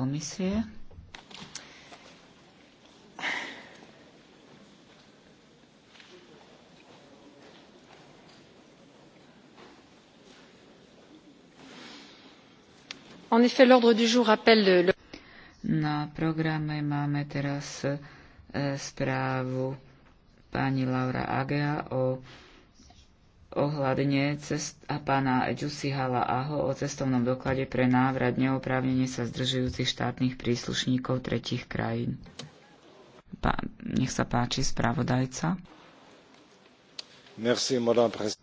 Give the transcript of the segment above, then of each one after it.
komisie. En effet, l'ordre du jour appelle le... Na programe máme teraz e, správu pani Laura Agea o ohľadne cest a pána Hala Aho o cestovnom doklade pre návrat neoprávnenie sa zdržujúcich štátnych príslušníkov tretich krajín. Pa, nech sa páči, spravodajca. Merci,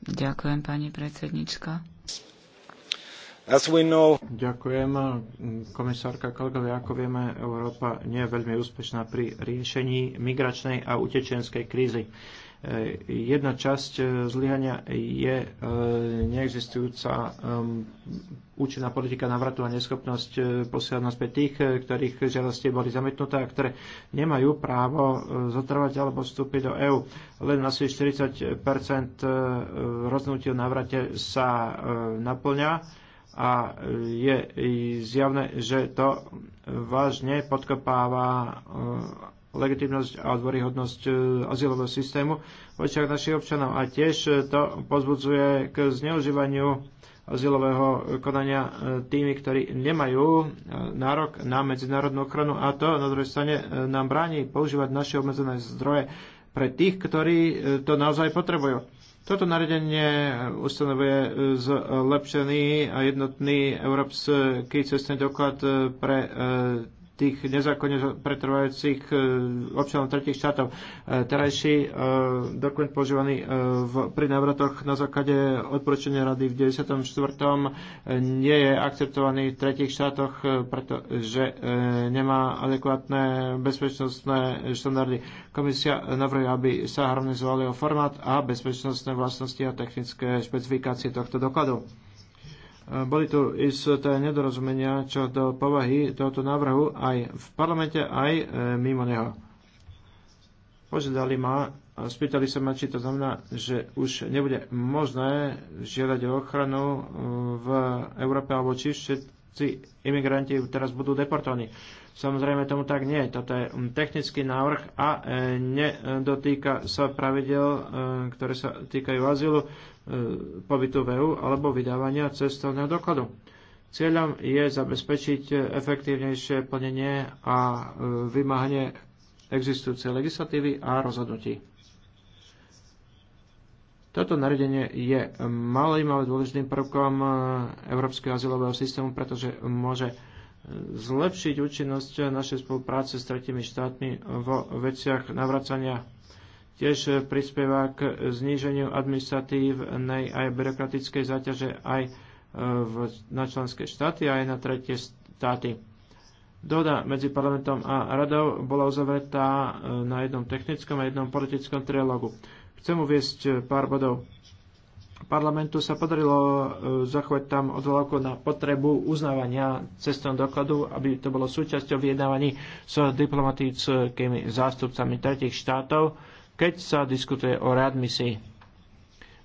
Ďakujem, pani predsednička. Know... Ďakujem, komisárka kolegovia. Ako vieme, Európa nie je veľmi úspešná pri riešení migračnej a utečenskej krízy jedna časť e, zlyhania je e, neexistujúca e, účinná politika navratu a neschopnosť posielať naspäť tých, ktorých žiadosti boli zametnuté a ktoré nemajú právo zotrvať alebo vstúpiť do EÚ. Len asi 40 rozhodnutí o návrate sa naplňa a je zjavné, že to vážne podkopáva legitimnosť a dôryhodnosť e, azylového systému v očiach našich občanov. A tiež e, to pozbudzuje k zneužívaniu azylového e, konania tými, ktorí nemajú nárok na medzinárodnú ochranu a to na druhej strane nám bráni používať naše obmedzené zdroje pre tých, ktorí to naozaj potrebujú. Toto nariadenie ustanovuje zlepšený a jednotný európsky cestný doklad pre tých nezákonne pretrvajúcich e, občanov tretich štátov. E, terajší e, dokument používaný v, pri návratoch na základe odporúčania rady v 94. nie je akceptovaný v tretich štátoch, pretože nemá adekvátne bezpečnostné štandardy. Komisia navrhuje, aby sa harmonizovali o formát a bezpečnostné vlastnosti a technické špecifikácie tohto dokladu. Eh, boli tu isté nedorozumenia čo do povahy tohoto návrhu aj v parlamente, aj eh, mimo neho. Požiadali ma, a spýtali sa ma, či to znamená, že už nebude možné žiadať o ochranu eh, v Európe, alebo či všetci imigranti teraz budú deportovaní. Samozrejme tomu tak nie. Toto je mm, technický návrh a nedotýka sa pravidel, ktoré sa týkajú azylu. E, pobytu v EU alebo vydávania cestovného dokladu. Cieľom je zabezpečiť efektívnejšie plnenie a e, vymáhanie existujúcej legislatívy a rozhodnutí. Toto nariadenie je malým, ale dôležitým prvkom e, Európskeho azylového systému, pretože môže zlepšiť účinnosť našej spolupráce s tretimi štátmi vo veciach navracania tiež eh, prispieva k zníženiu administratívnej aj byrokratickej záťaže aj eh, na členské štáty aj na tretie štáty. Dohoda medzi parlamentom a radou bola uzavretá eh, na jednom technickom a jednom politickom trialogu. Chcem uviesť pár bodov. Parlamentu sa podarilo zachovať tam odvolávku na potrebu uznávania cestom dokladu, aby to bolo súčasťou vyjednávaní s diplomatickými zástupcami tretich štátov keď sa diskutuje o readmisii.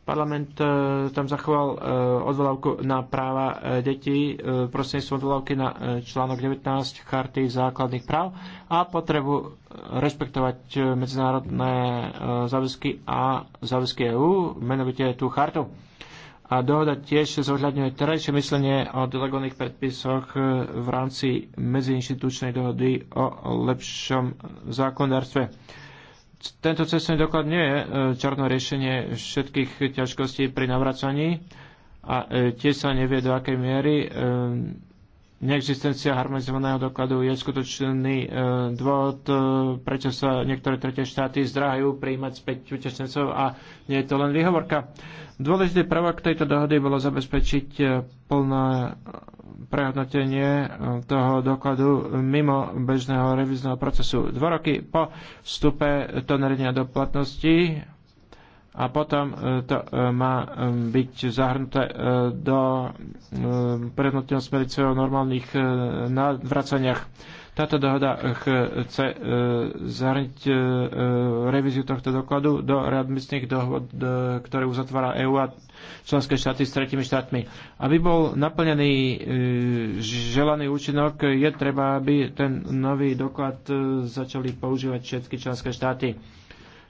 Parlament e, tam zachoval e, odvolávku na práva e, detí prostredníctvom odvolávky na článok 19 Charty základných práv a potrebu rešpektovať medzinárodné záväzky a záväzky EÚ, menovite tú chartu. A dohoda tiež zohľadňuje terajšie myslenie o delegovaných predpisoch v rámci medziinštitučnej dohody o lepšom zákonodárstve. Tento cestný doklad nie je e, čarno riešenie všetkých ťažkostí pri navracaní a e, tiež sa nevie, do akej miery e, neexistencia harmonizovaného dokladu je skutočný e, dôvod, e, prečo sa niektoré tretie štáty zdráhajú prijímať späť utečencov a nie je to len výhovorka. Dôležitý prvok tejto dohody bolo zabezpečiť e, plné prehodnotenie toho dokladu mimo bežného revizného procesu. Dva roky po vstupe to do platnosti a potom e, to e, má e, byť zahrnuté do prednotného smerice o normálnych navracaniach. Táto dohoda chce zahrniť revíziu tohto dokladu do readmisných dohod, ktoré uzatvára EÚ a členské štáty s tretimi štátmi. Aby bol naplnený želaný účinok, je treba, aby ten nový doklad začali používať všetky členské štáty.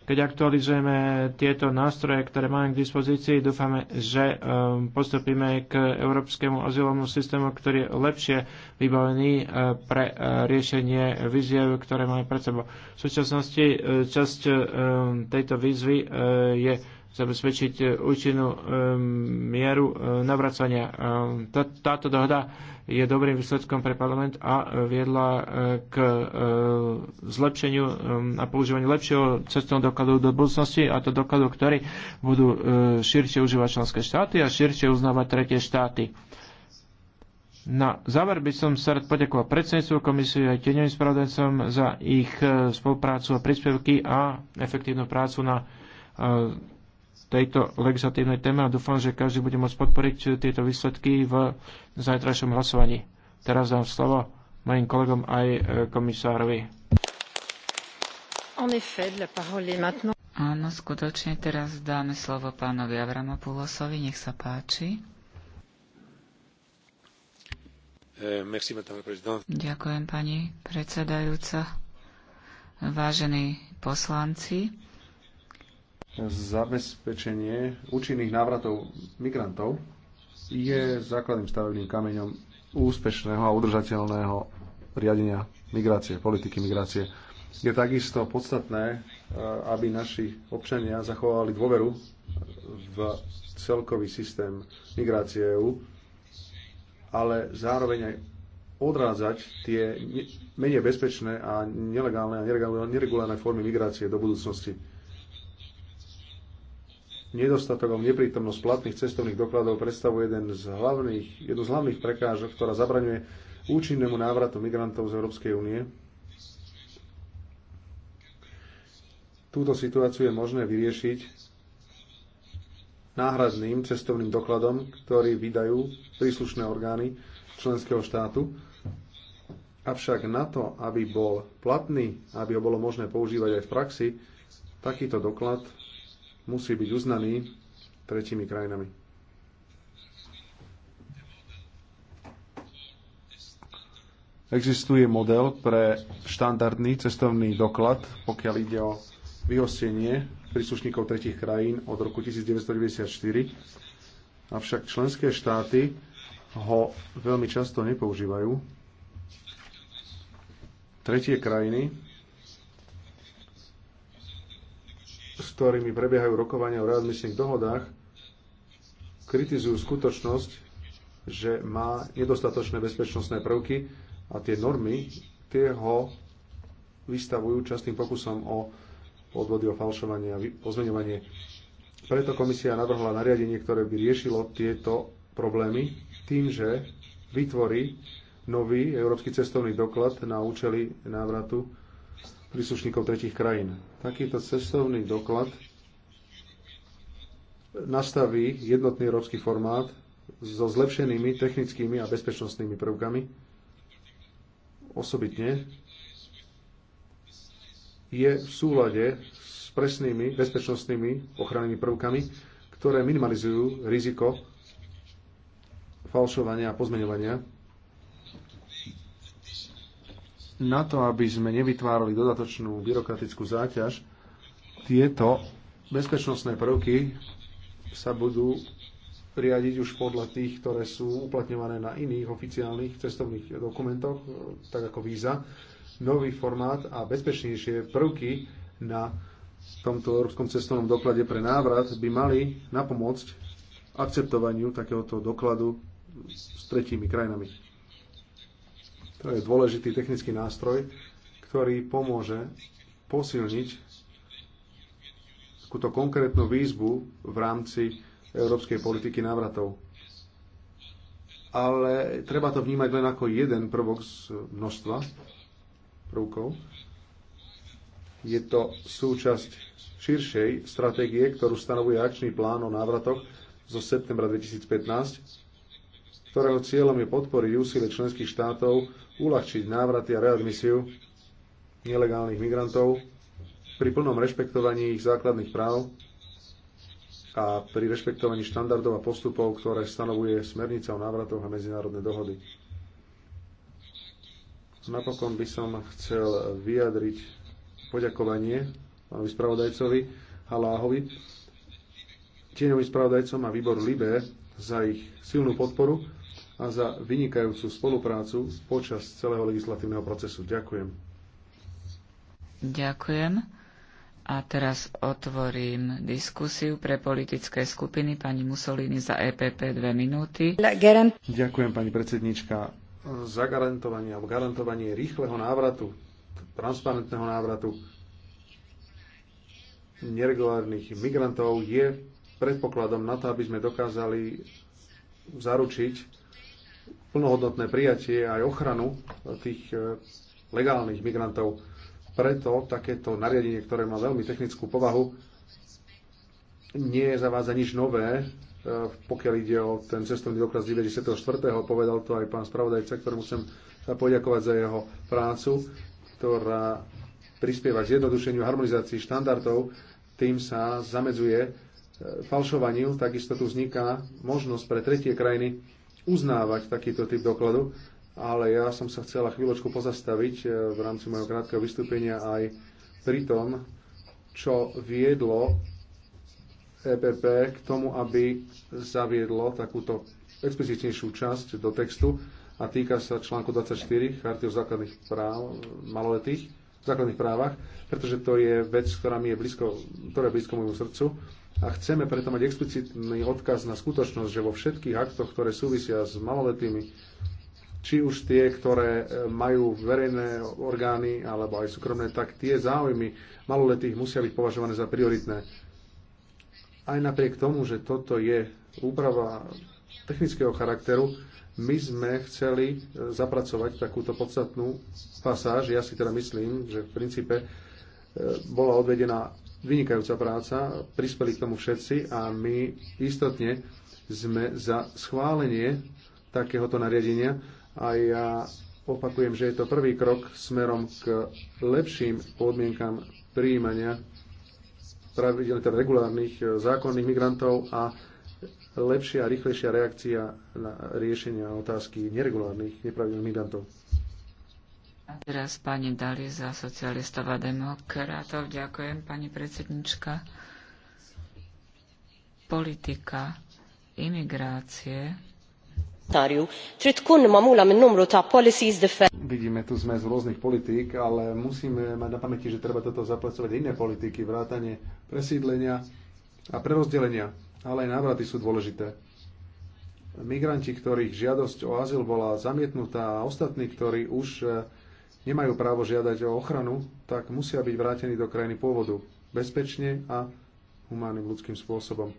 Keď aktualizujeme tieto nástroje, ktoré máme k dispozícii, dúfame, že ehm, postupíme k európskemu azylovému systému, ktorý je lepšie vybavený e, pre e, riešenie víziev, ktoré máme pred sebou. V súčasnosti e, časť tejto výzvy je zabezpečiť účinnú mieru navracania. Táto dohoda je dobrým výsledkom pre parlament a viedla e, k e, zlepšeniu e, a používaniu lepšieho cestovného dokladu do budúcnosti a to dokladu, ktorý budú širšie užívať členské štáty a širšie uznávať tretie štáty. Na záver by som sa rád poďakoval predsedníctvu komisie aj tieňovým spravodajcom za ich spoluprácu a príspevky a efektívnu prácu na tejto legislatívnej téme a dúfam, že každý bude môcť podporiť tieto výsledky v zajtrajšom hlasovaní. Teraz dám slovo mojim kolegom aj e, komisárovi. Áno, skutočne teraz dáme slovo pánovi Avramopulosovi, nech sa páči. E, Ďakujem, pani predsedajúca. Vážení poslanci, zabezpečenie účinných návratov migrantov je základným stavebným kameňom úspešného a udržateľného riadenia migrácie, politiky migrácie. Je takisto podstatné, e, aby naši občania zachovali dôveru v celkový systém migrácie EÚ, ale zároveň aj odrádzať tie menej bezpečné a nelegálne a neregulárne formy migrácie do budúcnosti Nedostatok alebo neprítomnosť platných cestovných dokladov predstavuje jeden z hlavných, jednu z hlavných prekážok, ktorá zabraňuje účinnému návratu migrantov z Európskej únie. Túto situáciu je možné vyriešiť náhradným cestovným dokladom, ktorý vydajú príslušné orgány členského štátu. Avšak na to, aby bol platný, aby ho bolo možné používať aj v praxi, takýto doklad musí byť uznaný tretími krajinami. Existuje model pre štandardný cestovný doklad, pokiaľ ide o vyhostenie príslušníkov tretich krajín od roku 1994, avšak členské štáty ho veľmi často nepoužívajú. Tretie krajiny ktorými prebiehajú rokovania o readmisných dohodách, kritizujú skutočnosť, že má nedostatočné bezpečnostné prvky a tie normy, tie ho vystavujú častým pokusom o podvody, o falšovanie a pozmeňovanie. Preto komisia navrhla nariadenie, ktoré by riešilo tieto problémy tým, že vytvorí nový európsky cestovný doklad na účely návratu príslušníkov tretich krajín. Takýto cestovný doklad nastaví jednotný európsky formát so zlepšenými technickými a bezpečnostnými prvkami. Osobitne je v súlade s presnými bezpečnostnými ochrannými prvkami, ktoré minimalizujú riziko falšovania a pozmeňovania na to, aby sme nevytvárali dodatočnú byrokratickú záťaž, tieto bezpečnostné prvky sa budú riadiť už podľa tých, ktoré sú uplatňované na iných oficiálnych cestovných dokumentoch, e, tak ako víza, nový formát a bezpečnejšie prvky na tomto európskom cestovnom doklade pre návrat by mali napomôcť akceptovaniu takéhoto dokladu s tretími krajinami. To je dôležitý technický nástroj, ktorý pomôže posilniť túto konkrétnu výzvu v rámci európskej politiky návratov. Ale treba to vnímať len ako jeden prvok z množstva prvkov. Je to súčasť širšej stratégie, ktorú stanovuje akčný plán o návratoch zo septembra 2015 ktorého cieľom je podporiť úsilie členských štátov, uľahčiť návraty a readmisiu nelegálnych migrantov pri plnom rešpektovaní ich základných práv a pri rešpektovaní štandardov a postupov, ktoré stanovuje smernica o návratoch a medzinárodné dohody. Napokon by som chcel vyjadriť poďakovanie pánovi spravodajcovi Haláhovi, tieňovým spravodajcom a výbor Libe za ich silnú podporu a za vynikajúcu spoluprácu počas celého legislatívneho procesu. Ďakujem. Ďakujem. A teraz otvorím diskusiu pre politické skupiny. Pani Mussolini za EPP dve minúty. Ďakujem, pani predsednička. garantovanie alebo garantovanie rýchleho návratu, transparentného návratu neregulárnych migrantov je predpokladom na to, aby sme dokázali zaručiť plnohodnotné prijatie aj ochranu tých e, legálnych migrantov. Preto takéto nariadenie, ktoré má veľmi technickú povahu, nie je za vás nič nové, e, pokiaľ ide o ten cestovný dokaz 94. Povedal to aj pán spravodajca, ktorému chcem sa poďakovať za jeho prácu, ktorá prispieva k zjednodušeniu harmonizácii štandardov, tým sa zamedzuje e, falšovaniu, takisto tu vzniká možnosť pre tretie krajiny uznávať takýto typ dokladu, ale ja som sa chcela chvíľočku pozastaviť e, v rámci mojho krátkeho vystúpenia aj pri tom, čo viedlo EPP k tomu, aby zaviedlo takúto explicitnejšiu časť do textu a týka sa článku 24 Charty o základných práv maloletých, základných právach, pretože to je vec, ktorá mi je blízko, ktorá je blízko môjmu srdcu a chceme preto mať explicitný odkaz na skutočnosť, že vo všetkých aktoch, ktoré súvisia s maloletými, či už tie, ktoré e, majú verejné orgány alebo aj súkromné, tak tie záujmy maloletých musia byť považované za prioritné. Aj napriek tomu, že toto je úprava technického charakteru, my sme chceli e, zapracovať takúto podstatnú pasáž. Ja si teda myslím, že v princípe e, bola odvedená vynikajúca práca, prispeli k tomu všetci a my istotne sme za schválenie takéhoto nariadenia a ja opakujem, že je to prvý krok smerom k lepším podmienkam príjmania pravidelných, teda regulárnych e, zákonných migrantov a lepšia a rýchlejšia reakcia na riešenia otázky neregulárnych nepravidelných migrantov. A teraz pani Dali za socialistov a demokratov. Ďakujem, pani predsednička. Politika imigrácie Vidíme, tu sme z rôznych politík, ale musíme mať na pamäti, že treba toto zapracovať iné politiky, vrátanie presídlenia a prerozdelenia, ale aj návraty sú dôležité. Migranti, ktorých žiadosť o azyl bola zamietnutá a ostatní, ktorí už eh, nemajú právo žiadať o ochranu, tak musia byť vrátení do krajiny pôvodu bezpečne a humánnym ľudským spôsobom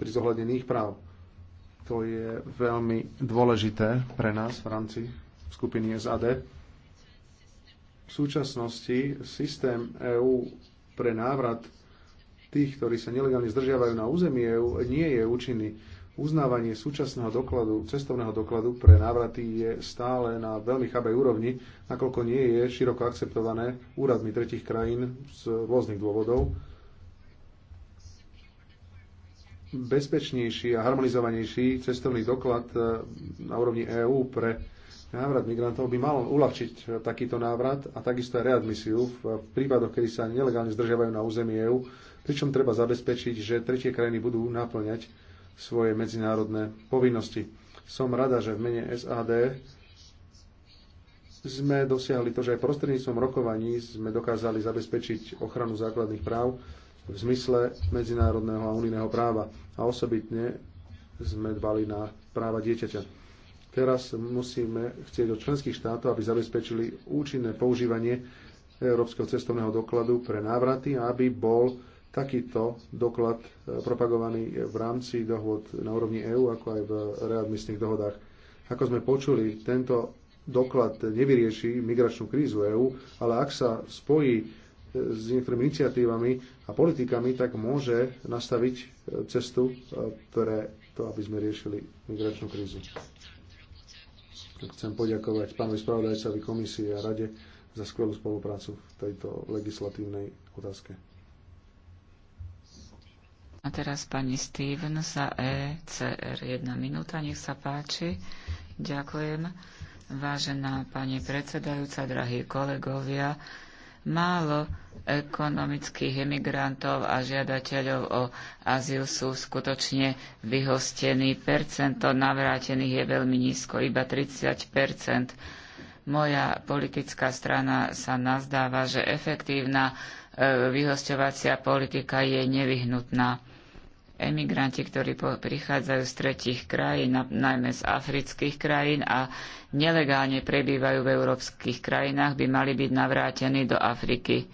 pri zohľadnení ich práv. To je veľmi dôležité pre nás v rámci skupiny SAD. V súčasnosti systém EÚ pre návrat tých, ktorí sa nelegálne zdržiavajú na území EÚ, nie je účinný uznávanie súčasného dokladu, cestovného dokladu pre návraty je stále na veľmi chabej úrovni, nakoľko nie je široko akceptované úradmi tretich krajín z rôznych dôvodov. Bezpečnejší a harmonizovanejší cestovný doklad eh, na úrovni EÚ pre návrat migrantov by mal uľahčiť takýto návrat a takisto aj readmisiu v prípadoch, kedy sa nelegálne zdržiavajú na území EÚ, pričom treba zabezpečiť, že tretie krajiny budú naplňať svoje medzinárodné povinnosti. Som rada, že v mene SAD sme dosiahli to, že aj prostredníctvom rokovaní sme dokázali zabezpečiť ochranu základných práv v zmysle medzinárodného a unijného práva a osobitne sme dbali na práva dieťaťa. Teraz musíme chcieť od členských štátov, aby zabezpečili účinné používanie európskeho cestovného dokladu pre návraty a aby bol takýto doklad e, propagovaný v rámci dohod na úrovni EÚ, ako aj v readmisných dohodách. Ako sme počuli, tento doklad nevyrieši migračnú krízu EÚ, ale ak sa spojí e, s niektorými iniciatívami a politikami, tak môže nastaviť e, cestu pre to, aby sme riešili migračnú krízu. Chcem poďakovať pánovi spravodajcovi komisie a rade za skvelú spoluprácu v tejto legislatívnej otázke. A teraz pani Steven za ECR. Jedna minúta, nech sa páči. Ďakujem. Vážená pani predsedajúca, drahí kolegovia, málo ekonomických emigrantov a žiadateľov o azyl sú skutočne vyhostení. Percento navrátených je veľmi nízko, iba 30 Moja politická strana sa nazdáva, že efektívna e, vyhosťovacia politika je nevyhnutná emigranti, ktorí prichádzajú z tretich krajín, najmä z afrických krajín a nelegálne prebývajú v európskych krajinách, by mali byť navrátení do Afriky.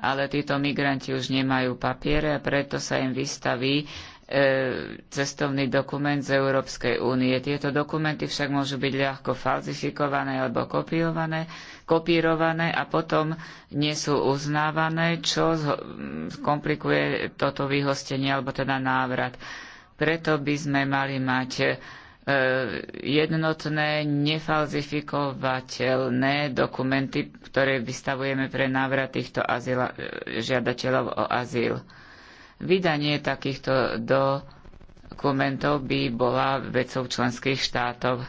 Ale títo migranti už nemajú papiere a preto sa im vystaví E, cestovný dokument z Európskej únie. Tieto dokumenty však môžu byť ľahko falzifikované alebo kopírované, kopírované a potom nie sú uznávané, čo komplikuje toto vyhostenie alebo teda návrat. Preto by sme mali mať e, jednotné, nefalzifikovateľné dokumenty, ktoré vystavujeme pre návrat týchto azyla, e, žiadateľov o azyl. Vydanie takýchto dokumentov by bola vecou členských štátov.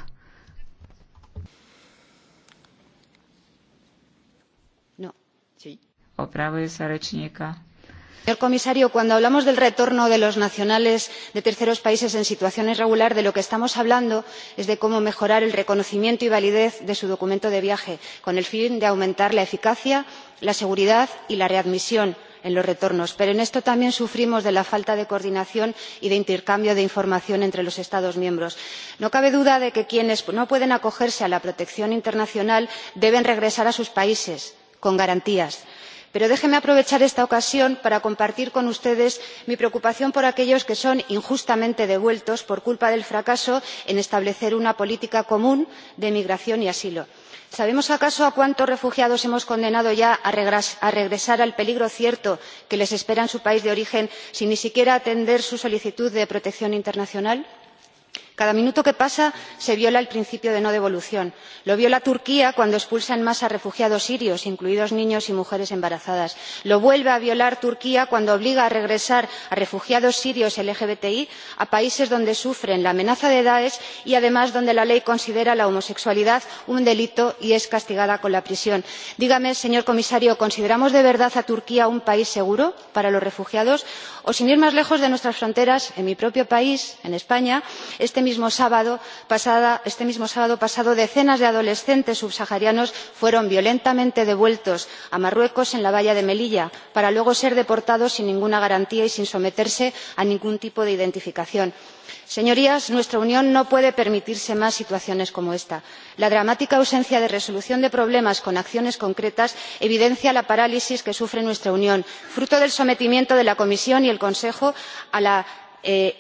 No, sí. Opravuje sa rečníka. Señor comisario, cuando hablamos del retorno de los nacionales de terceros países en situación irregular, de lo que estamos hablando es de cómo mejorar el reconocimiento y validez de su documento de viaje, con el fin de aumentar la eficacia, la seguridad y la readmisión en los retornos pero en esto también sufrimos de la falta de coordinación y de intercambio de información entre los estados miembros. no cabe duda de que quienes no pueden acogerse a la protección internacional deben regresar a sus países con garantías pero déjenme aprovechar esta ocasión para compartir con ustedes mi preocupación por aquellos que son injustamente devueltos por culpa del fracaso en establecer una política común de migración y asilo sabemos acaso a cuántos refugiados hemos condenado ya a regresar al peligro cierto que les espera en su país de origen sin ni siquiera atender su solicitud de protección internacional? cada minuto que pasa se viola el principio de no devolución lo viola turquía cuando expulsa en masa a refugiados sirios incluidos niños y mujeres embarazadas lo vuelve a violar turquía cuando obliga a regresar a refugiados sirios lgbti a países donde sufren la amenaza de dáesh y además donde la ley considera la homosexualidad un delito y es castigada con la prisión. dígame señor comisario consideramos de verdad a turquía un país seguro para los refugiados? o sin ir más lejos de nuestras fronteras en mi propio país en españa este este mismo sábado pasado decenas de adolescentes subsaharianos fueron violentamente devueltos a marruecos en la valla de melilla para luego ser deportados sin ninguna garantía y sin someterse a ningún tipo de identificación. señorías nuestra unión no puede permitirse más situaciones como esta. la dramática ausencia de resolución de problemas con acciones concretas evidencia la parálisis que sufre nuestra unión fruto del sometimiento de la comisión y el consejo a la Eh,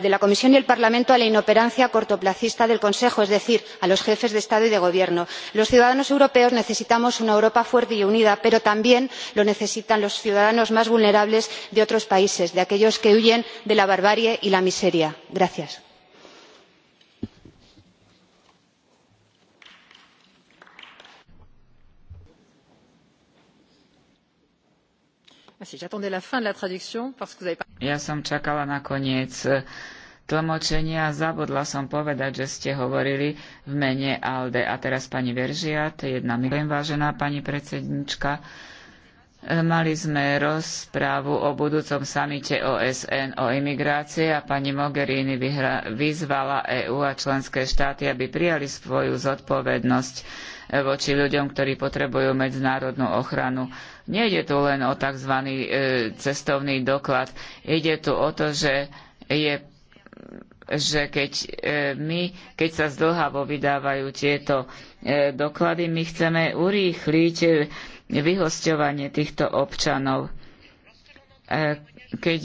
de la comisión y el parlamento a la inoperancia cortoplacista del consejo es decir a los jefes de estado y de gobierno. los ciudadanos europeos necesitamos una europa fuerte y unida pero también lo necesitan los ciudadanos más vulnerables de otros países de aquellos que huyen de la barbarie y la miseria. gracias. Ah, ja som čakala na koniec eh, tlmočenia, zabudla som povedať, že ste hovorili v mene ALDE. A teraz pani Veržiat, jedna milujem, vážená pani predsednička. Eh, mali sme rozprávu o budúcom samite OSN o imigrácii a pani Mogherini vyzvala EÚ a členské štáty, aby prijali svoju zodpovednosť voči ľuďom, ktorí potrebujú medzinárodnú ochranu. Nejde tu len o tzv. E, cestovný doklad. Ide tu o to, že je že keď e, my, keď sa zdlhavo vydávajú tieto e, doklady, my chceme urýchliť vyhosťovanie týchto občanov keď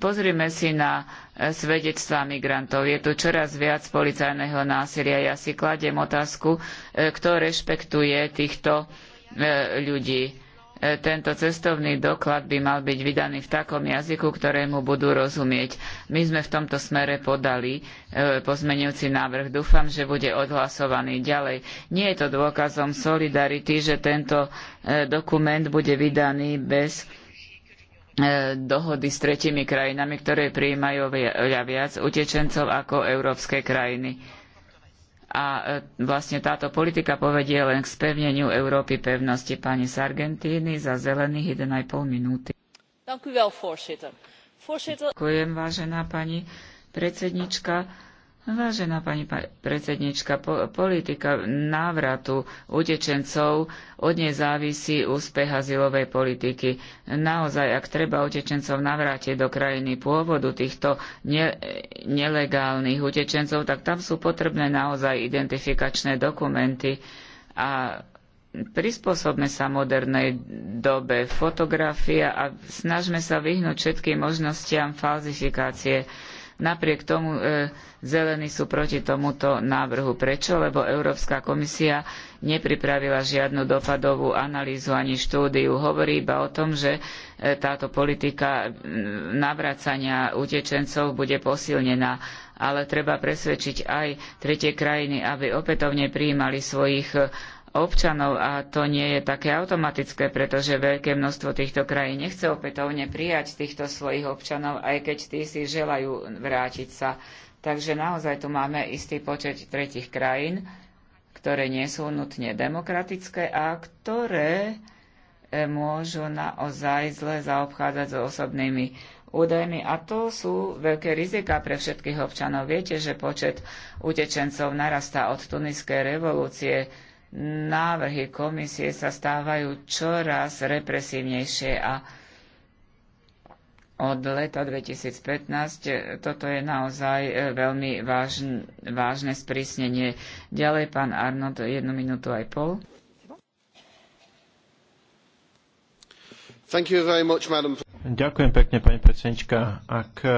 pozrieme si na e, svedectvá migrantov, je tu čoraz viac policajného násilia. Ja si kladiem otázku, e, kto rešpektuje týchto e, ľudí. Tento cestovný doklad by mal byť vydaný v takom jazyku, ktorému budú rozumieť. My sme v tomto smere podali pozmenujúci návrh. Dúfam, že bude odhlasovaný ďalej. Nie je to dôkazom solidarity, že tento dokument bude vydaný bez E, dohody s tretimi krajinami, ktoré prijímajú oveľa viac utečencov ako európske krajiny. A e, vlastne táto politika povedie len k spevneniu Európy pevnosti. Pani Sargentini za zelených 1,5 minúty. Ďakujem, vážená pani predsednička Vážená pani predsednička, po, politika návratu utečencov od nej závisí úspech azylovej politiky. Naozaj, ak treba utečencov navrátiť do krajiny pôvodu týchto ne, nelegálnych utečencov, tak tam sú potrebné naozaj identifikačné dokumenty a prispôsobme sa modernej dobe fotografia a snažme sa vyhnúť všetkým možnostiam falzifikácie Napriek tomu e, zelení sú proti tomuto návrhu. Prečo? Lebo Európska komisia nepripravila žiadnu dopadovú analýzu ani štúdiu. Hovorí iba o tom, že e, táto politika navracania utečencov bude posilnená ale treba presvedčiť aj tretie krajiny, aby opätovne prijímali svojich občanov a to nie je také automatické, pretože veľké množstvo týchto krajín nechce opätovne prijať týchto svojich občanov, aj keď tí si želajú vrátiť sa. Takže naozaj tu máme istý počet tretich krajín, ktoré nie sú nutne demokratické a ktoré e, môžu naozaj zle zaobchádzať so osobnými údajmi a to sú veľké rizika pre všetkých občanov. Viete, že počet utečencov narastá od tuniskej revolúcie návrhy komisie sa stávajú čoraz represívnejšie a od leta 2015 toto je naozaj e, veľmi vážne, vážne sprísnenie. Ďalej, pán Arnold, jednu minútu aj pol. Thank you very much, madam. Ďakujem pekne, pani predsednička. Ak e,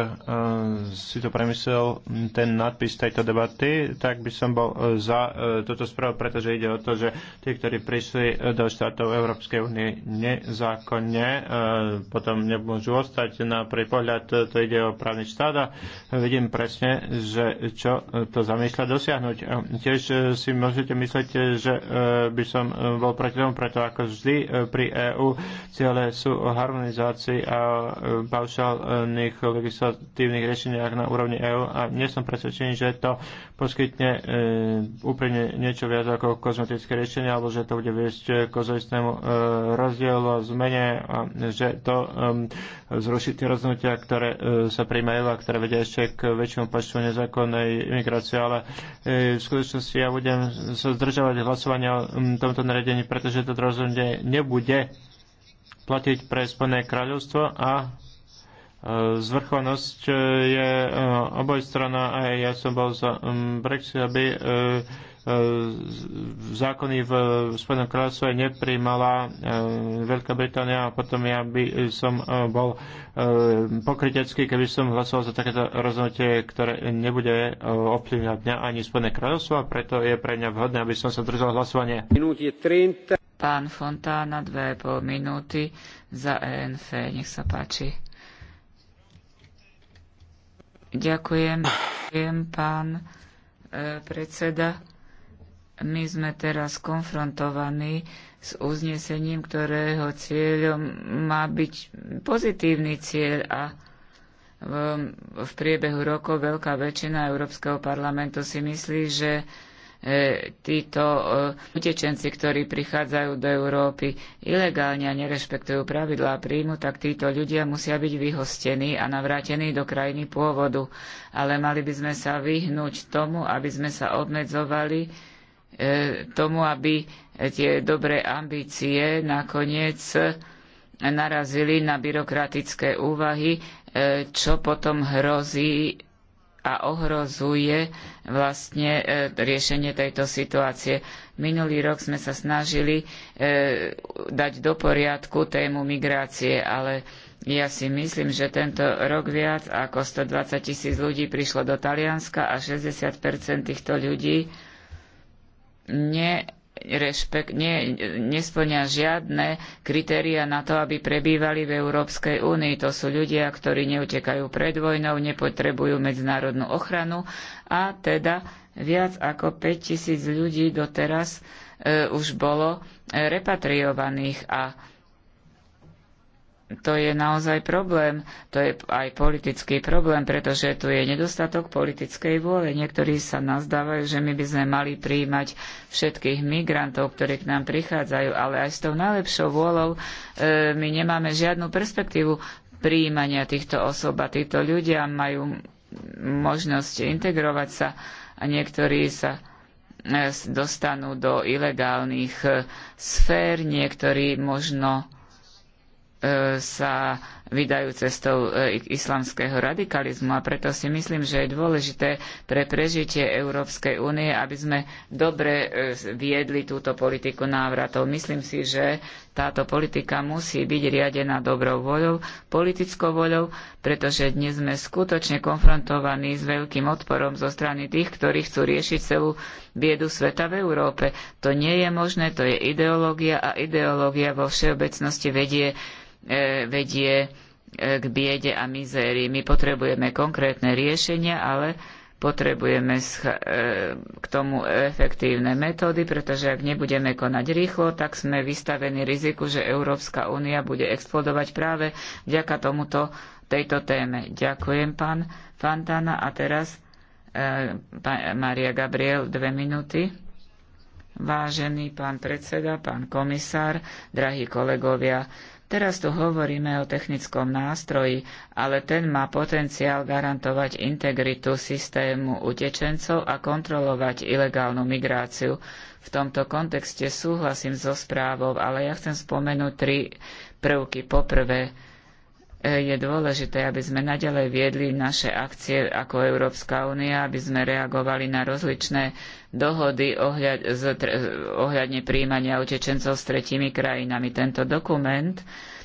si to premyslel, ten nadpis tejto debaty, tak by som bol e, za e, toto správu, pretože ide o to, že tí, ktorí prišli do štátov Európskej únie nezákonne, potom nemôžu ostať. Na prvý pohľad to ide o právny štát a vidím presne, že čo to zamýšľa dosiahnuť. Tiež si môžete myslieť, že by som bol proti tomu, preto ako vždy pri EÚ ciele sú o harmonizácii a E, paušálnych legislatívnych riešeniach na úrovni EÚ a nie som presvedčený, že to poskytne e, úplne niečo viac ako kozmetické riešenie alebo že to bude viesť k ozajstnému e, rozdielu a zmene a že to zruší tie rozhodnutia, ktoré sa príjmajú a ktoré vedia ešte k väčšiemu počtu nezákonnej imigrácie, ale v skutočnosti ja budem sa zdržovať hlasovania o tomto nariadení, pretože to rozhodne nebude platiť pre Spojené kráľovstvo a e, zvrchovanosť e, je e, oboj strana a ja som bol za Brexit, aby zákony v Spojenom kráľovstve nepríjmala Veľká Británia a potom ja by som bol pokrytecký, keby som hlasoval za takéto rozhodnutie, ktoré nebude ovplyvňovať mňa ani Spojené kráľovstvo a preto je pre mňa vhodné, aby som sa držal hlasovanie. Minúti 30. Pán Fontána, pol minúty za ENF. Nech sa páči. Ďakujem, ďakujem pán e, predseda. My sme teraz konfrontovaní s uznesením, ktorého cieľom má byť pozitívny cieľ a v, v priebehu rokov veľká väčšina Európskeho parlamentu si myslí, že E, títo e, utečenci, ktorí prichádzajú do Európy ilegálne a nerešpektujú pravidlá príjmu, tak títo ľudia musia byť vyhostení a navrátení do krajiny pôvodu. Ale mali by sme sa vyhnúť tomu, aby sme sa obmedzovali e, tomu, aby tie dobré ambície nakoniec narazili na byrokratické úvahy, čo potom hrozí a ohrozuje vlastne e, riešenie tejto situácie. Minulý rok sme sa snažili e, dať do poriadku tému migrácie, ale ja si myslím, že tento rok viac ako 120 tisíc ľudí prišlo do Talianska a 60 týchto ľudí ne rešpekt, nie, nesplňa žiadne kritéria na to, aby prebývali v Európskej únii. To sú ľudia, ktorí neutekajú pred vojnou, nepotrebujú medzinárodnú ochranu a teda viac ako 5000 ľudí doteraz e, už bolo e, repatriovaných a to je naozaj problém, to je aj politický problém, pretože tu je nedostatok politickej vôle. Niektorí sa nazdávajú, že my by sme mali príjmať všetkých migrantov, ktorí k nám prichádzajú, ale aj s tou najlepšou vôľou e, my nemáme žiadnu perspektívu príjmania týchto osob a títo ľudia majú možnosť integrovať sa a niektorí sa e, dostanú do ilegálnych e, sfér, niektorí možno sa vydajú cestou e, islamského radikalizmu a preto si myslím, že je dôležité pre prežitie Európskej únie, aby sme dobre e, viedli túto politiku návratov. Myslím si, že táto politika musí byť riadená dobrou voľou, politickou voľou, pretože dnes sme skutočne konfrontovaní s veľkým odporom zo strany tých, ktorí chcú riešiť celú biedu sveta v Európe. To nie je možné, to je ideológia a ideológia vo všeobecnosti vedie E, vedie e, k biede a mizérii. My potrebujeme konkrétne riešenia, ale potrebujeme e, k tomu efektívne metódy, pretože ak nebudeme konať rýchlo, tak sme vystavení riziku, že Európska únia bude explodovať práve vďaka tomuto, tejto téme. Ďakujem, pán Fantana. A teraz e, Maria Gabriel, dve minúty. Vážený pán predseda, pán komisár, drahí kolegovia, Teraz tu hovoríme o technickom nástroji, ale ten má potenciál garantovať integritu systému utečencov a kontrolovať ilegálnu migráciu. V tomto kontexte súhlasím so správou, ale ja chcem spomenúť tri prvky. Poprvé, e, je dôležité, aby sme nadalej viedli naše akcie ako Európska únia, aby sme reagovali na rozličné dohody ohľad, z, ohľadne príjmania utečencov s tretími krajinami. Tento dokument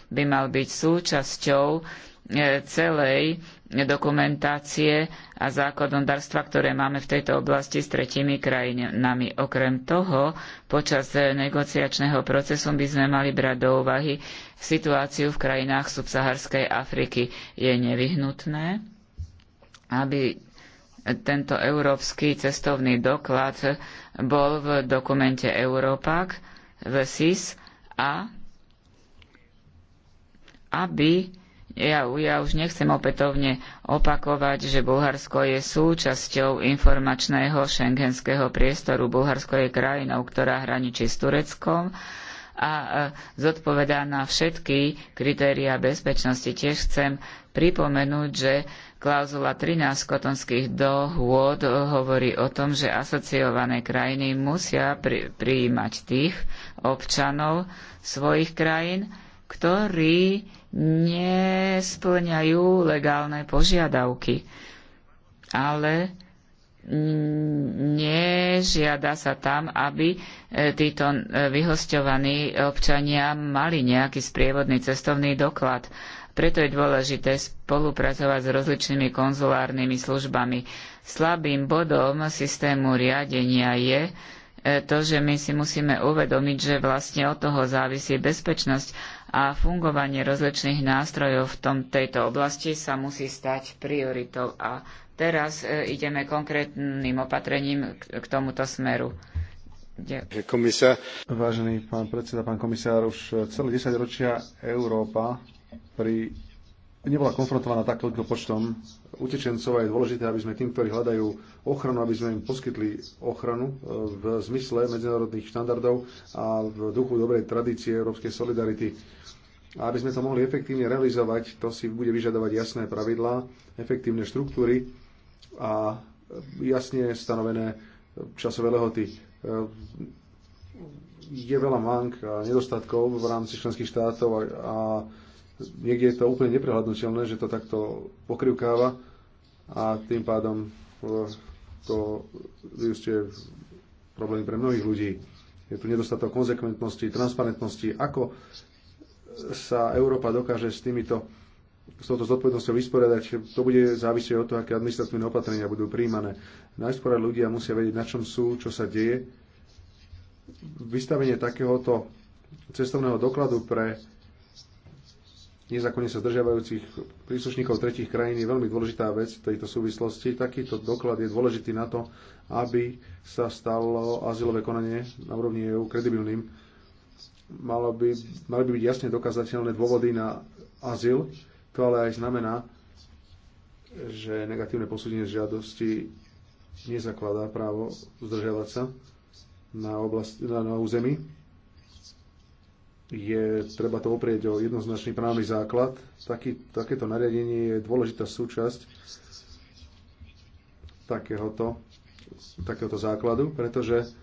by mal byť súčasťou e, celej dokumentácie a zákonodárstva, ktoré máme v tejto oblasti s tretími krajinami. Okrem toho, počas e, negociačného procesu by sme mali brať do úvahy situáciu v krajinách subsaharskej Afriky. Je nevyhnutné, aby tento európsky cestovný doklad bol v dokumente Európak v SIS a aby ja, ja už nechcem opätovne opakovať, že Bulharsko je súčasťou informačného šengenského priestoru. Bulharsko je krajinou, ktorá hraničí s Tureckom a zodpovedá na všetky kritériá bezpečnosti. Tiež chcem pripomenúť, že klauzula 13 kotonských dohôd hovorí o tom, že asociované krajiny musia pri, prijímať tých občanov svojich krajín, ktorí nesplňajú legálne požiadavky. Ale nežiada sa tam, aby e, títo e, vyhosťovaní občania mali nejaký sprievodný cestovný doklad. Preto je dôležité spolupracovať s rozličnými konzulárnymi službami. Slabým bodom systému riadenia je e, to, že my si musíme uvedomiť, že vlastne od toho závisí bezpečnosť a fungovanie rozličných nástrojov v tom, tejto oblasti sa musí stať prioritou a Teraz e, ideme konkrétnym opatrením k tomuto smeru. Komisár. Vážený pán predseda, pán komisár, už celé 10 ročia Európa pri nebola konfrontovaná takýmto počtom utečencov a je dôležité, aby sme tým, ktorí hľadajú ochranu, aby sme im poskytli ochranu e, v zmysle medzinárodných štandardov a v duchu dobrej tradície európskej solidarity. A aby sme to mohli efektívne realizovať, to si bude vyžadovať jasné pravidlá, efektívne štruktúry a jasne stanovené časové lehoty. Je veľa mank a nedostatkov v rámci členských štátov a, a niekde je to úplne neprehľadnutelné, že to takto pokrivkáva a tým pádom to vyústie problém pre mnohých ľudí. Je tu nedostatok konzekventnosti, transparentnosti, ako sa Európa dokáže s týmito s touto zodpovednosťou vysporiadať, to bude závisieť od toho, aké administratívne opatrenia budú príjmané. Najskôr ľudia musia vedieť, na čom sú, čo sa deje. Vystavenie takéhoto cestovného dokladu pre nezákonne sa zdržiavajúcich príslušníkov tretich krajín je veľmi dôležitá vec v tejto súvislosti. Takýto doklad je dôležitý na to, aby sa stalo azylové konanie na úrovni EU kredibilným. Malo by, mali by byť jasne dokázateľné dôvody na azyl to ale aj znamená, že negatívne posúdenie žiadosti nezakladá právo zdržiavať sa na, oblast, na, na území. Je treba to oprieť o jednoznačný právny základ. Taký, takéto nariadenie je dôležitá súčasť takéhoto, takéhoto základu, pretože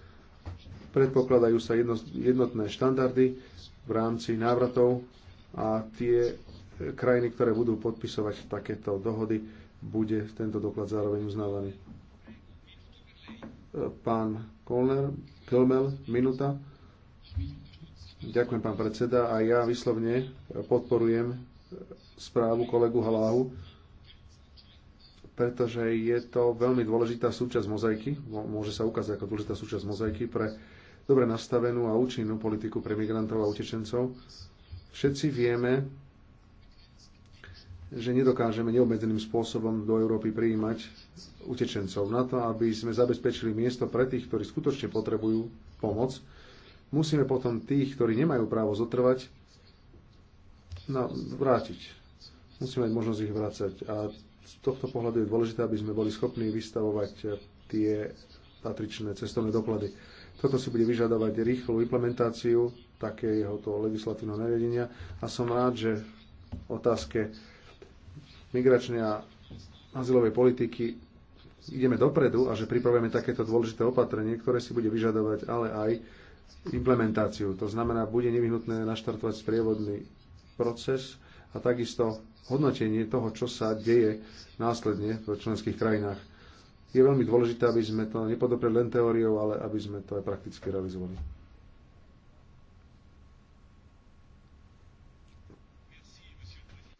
predpokladajú sa jedno, jednotné štandardy v rámci návratov a tie krajiny, ktoré budú podpisovať takéto dohody, bude tento doklad zároveň uznávaný. E, pán Kolner, Kelmel, minúta. Ďakujem, pán predseda. A ja vyslovne podporujem správu kolegu Haláhu, pretože je to veľmi dôležitá súčasť mozaiky. Môže sa ukázať ako dôležitá súčasť mozaiky pre dobre nastavenú a účinnú politiku pre migrantov a utečencov. Všetci vieme, že nedokážeme neobmedzeným spôsobom do Európy prijímať utečencov. Na to, aby sme zabezpečili miesto pre tých, ktorí skutočne potrebujú pomoc, musíme potom tých, ktorí nemajú právo zotrvať, na, no, vrátiť. Musíme mať možnosť ich vrácať. A z tohto pohľadu je dôležité, aby sme boli schopní vystavovať tie patričné cestovné doklady. Toto si bude vyžadovať rýchlu implementáciu takéhoto legislatívneho nariadenia a som rád, že v otázke migračnej a azylovej politiky ideme dopredu a že pripravujeme takéto dôležité opatrenie, ktoré si bude vyžadovať ale aj implementáciu. To znamená, bude nevyhnutné naštartovať sprievodný proces a takisto hodnotenie toho, čo sa deje následne v členských krajinách. Je veľmi dôležité, aby sme to nepodopreli len teóriou, ale aby sme to aj prakticky realizovali.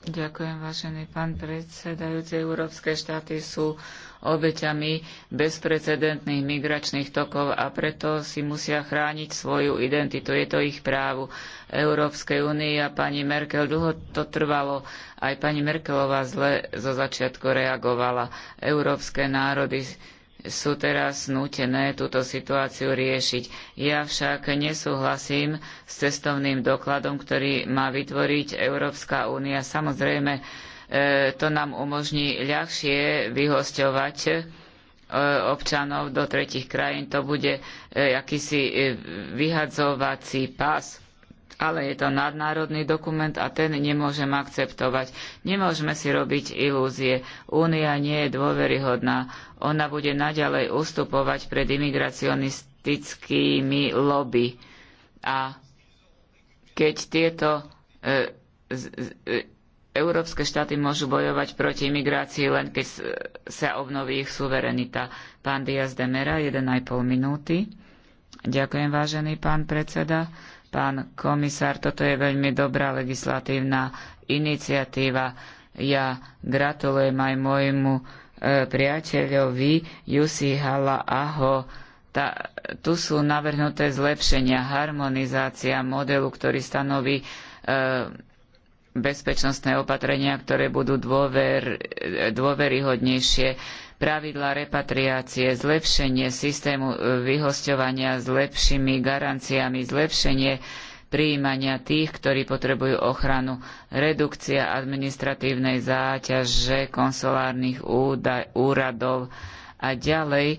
Ďakujem, vážený pán predsedajúci. Európske štáty sú obeťami bezprecedentných migračných tokov a preto si musia chrániť svoju identitu. Je to ich právo. Európskej únie a pani Merkel dlho to trvalo. Aj pani Merkelová zle zo začiatku reagovala. Európske národy sú teraz nútené túto situáciu riešiť. Ja však nesúhlasím s cestovným dokladom, ktorý má vytvoriť Európska únia. Samozrejme, e, to nám umožní ľahšie vyhosťovať e, občanov do tretich krajín. To bude e, akýsi vyhadzovací pás ale je to nadnárodný dokument a ten nemôžem akceptovať. Nemôžeme si robiť ilúzie. Únia nie je dôveryhodná. Ona bude naďalej ustupovať pred imigracionistickými lobby. A keď tieto e, z, e, európske štáty môžu bojovať proti imigrácii, len keď sa obnoví ich suverenita. Pán Diaz de Mera, 1,5 minúty. Ďakujem, vážený pán predseda. Pán komisár, toto je veľmi dobrá legislatívna iniciatíva. Ja gratulujem aj môjmu e, priateľovi Jussi Hala Aho. tu sú navrhnuté zlepšenia, harmonizácia modelu, ktorý stanoví e, bezpečnostné opatrenia, ktoré budú dôver, e, dôveryhodnejšie pravidla repatriácie, zlepšenie systému e, vyhosťovania s lepšími garanciami, zlepšenie prijímania tých, ktorí potrebujú ochranu, redukcia administratívnej záťaže konsolárnych úradov a ďalej e,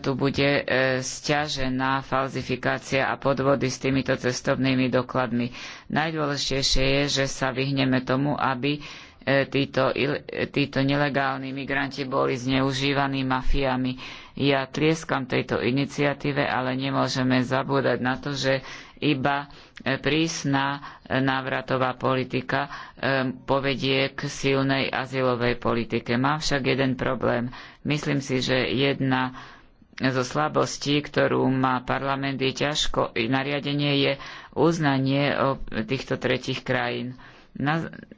tu bude e, sťažená falzifikácia a podvody s týmito cestovnými dokladmi. Najdôležitejšie je, že sa vyhneme tomu, aby E, títo, e, títo nelegálni migranti boli zneužívaní mafiami. Ja tlieskam tejto iniciatíve, ale nemôžeme zabúdať na to, že iba e, prísna návratová politika povedie k silnej azylovej politike. Mám však jeden problém. Myslím si, že jedna zo slabostí, ktorú má parlament, je ťažko. Nariadenie je uznanie týchto tretich krajín.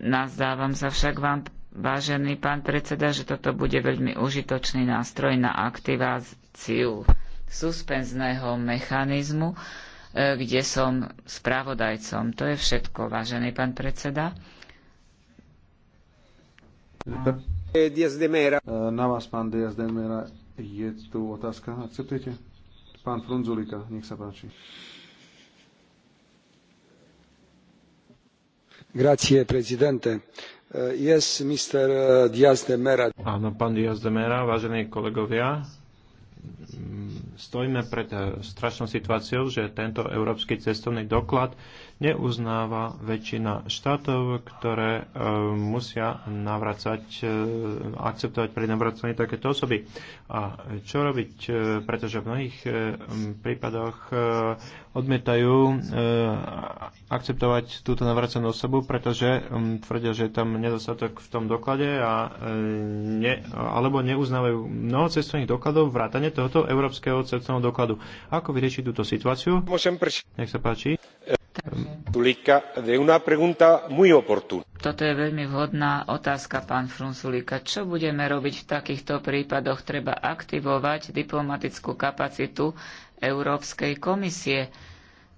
Nazdávam sa však vám, vážený pán predseda, že toto bude veľmi užitočný nástroj na aktiváciu suspenzného mechanizmu, e, kde som spravodajcom. To je všetko, vážený pán predseda. E, na vás, pán Diaz de Mera, je tu otázka. Akceptujete? Pán Frunzulika, nech sa páči. Grazie, prezidente. Eh, yes, Mr. Eh, Diaz de Mera. Áno, pán Diaz de Mera, vážení kolegovia, stojíme pred eh, strašnou situáciou, že tento európsky cestovný doklad neuznáva väčšina štátov, ktoré eh, musia navracať, eh, akceptovať pri navracaní takéto osoby. A čo robiť? Pretože v mnohých prípadoch odmietajú akceptovať túto navracanú osobu, pretože hm, tvrdia, že je tam nedostatok v tom doklade a ne, alebo neuznávajú mnoho cestovných dokladov vrátane tohoto európskeho cestného dokladu. Ako vyriešiť túto situáciu? Nech sa páči. Toto je veľmi vhodná otázka, pán Frunzulika. Čo budeme robiť v takýchto prípadoch? Treba aktivovať diplomatickú kapacitu Európskej komisie.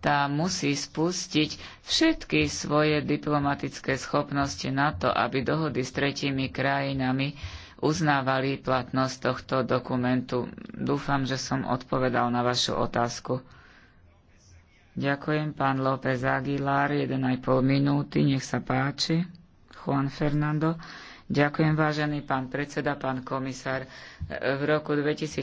Tá musí spustiť všetky svoje diplomatické schopnosti na to, aby dohody s tretími krajinami uznávali platnosť tohto dokumentu. Dúfam, že som odpovedal na vašu otázku. Ďakujem, pán López Aguilar, 1,5 minúty, nech sa páči. Juan Fernando. Ďakujem, vážený pán predseda, pán komisár. V roku 2014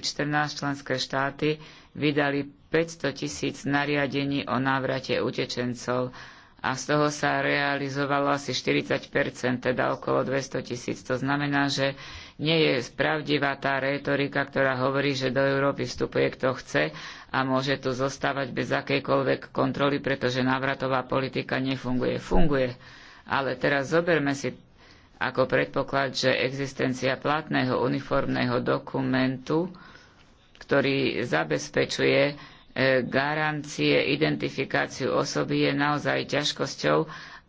členské štáty vydali 500 tisíc nariadení o návrate utečencov a z toho sa realizovalo asi 40 teda okolo 200 tisíc. To znamená, že nie je pravdivá tá rétorika, ktorá hovorí, že do Európy vstupuje kto chce a môže tu zostávať bez akejkoľvek kontroly, pretože návratová politika nefunguje. Funguje. Ale teraz zoberme si ako predpoklad, že existencia platného uniformného dokumentu, ktorý zabezpečuje E, garancie, identifikáciu osoby je naozaj ťažkosťou,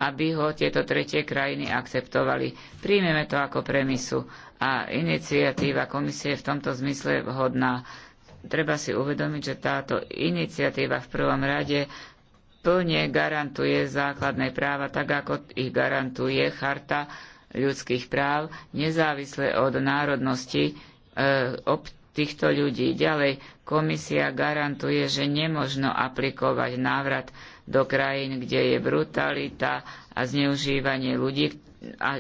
aby ho tieto tretie krajiny akceptovali. Príjmeme to ako premisu a iniciatíva komisie je v tomto zmysle vhodná. Treba si uvedomiť, že táto iniciatíva v prvom rade plne garantuje základné práva, tak ako ich garantuje Charta ľudských práv, nezávisle od národnosti e, týchto ľudí. Ďalej, komisia garantuje, že nemožno aplikovať návrat do krajín, kde je brutalita a zneužívanie ľudí a,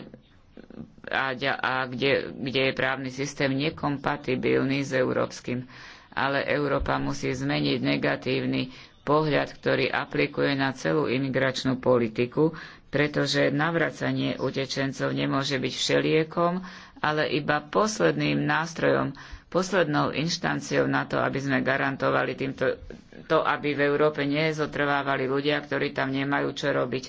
a, a kde, kde je právny systém nekompatibilný s európskym. Ale Európa musí zmeniť negatívny pohľad, ktorý aplikuje na celú imigračnú politiku, pretože navracanie utečencov nemôže byť všeliekom, ale iba posledným nástrojom poslednou inštanciou na to, aby sme garantovali týmto, to, aby v Európe nezotrvávali ľudia, ktorí tam nemajú čo robiť.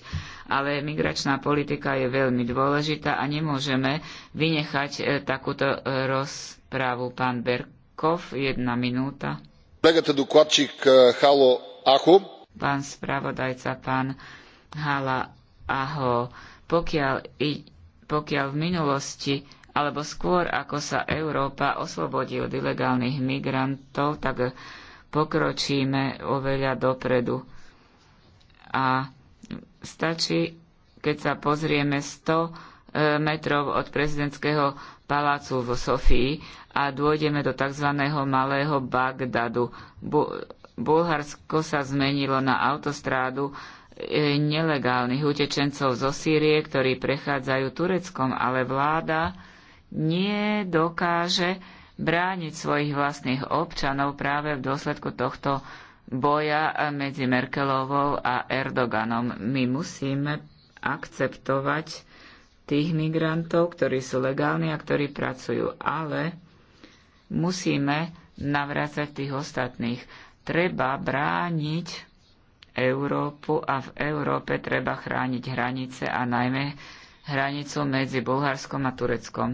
Ale migračná politika je veľmi dôležitá a nemôžeme vynechať e, takúto e, rozprávu. Pán Berkov, jedna minúta. E, pán spravodajca, pán Hala Aho, pokiaľ, pokiaľ v minulosti alebo skôr ako sa Európa oslobodí od ilegálnych migrantov, tak pokročíme oveľa dopredu. A stačí, keď sa pozrieme 100 e, metrov od prezidentského palácu vo Sofii a dôjdeme do tzv. malého Bagdadu. Bulharsko sa zmenilo na autostrádu e, nelegálnych utečencov zo Sýrie, ktorí prechádzajú Tureckom, ale vláda nie dokáže brániť svojich vlastných občanov práve v dôsledku tohto boja medzi Merkelovou a Erdoganom. My musíme akceptovať tých migrantov, ktorí sú legálni a ktorí pracujú, ale musíme navrácať tých ostatných. Treba brániť Európu a v Európe treba chrániť hranice a najmä hranicu medzi Bulharskom a Tureckom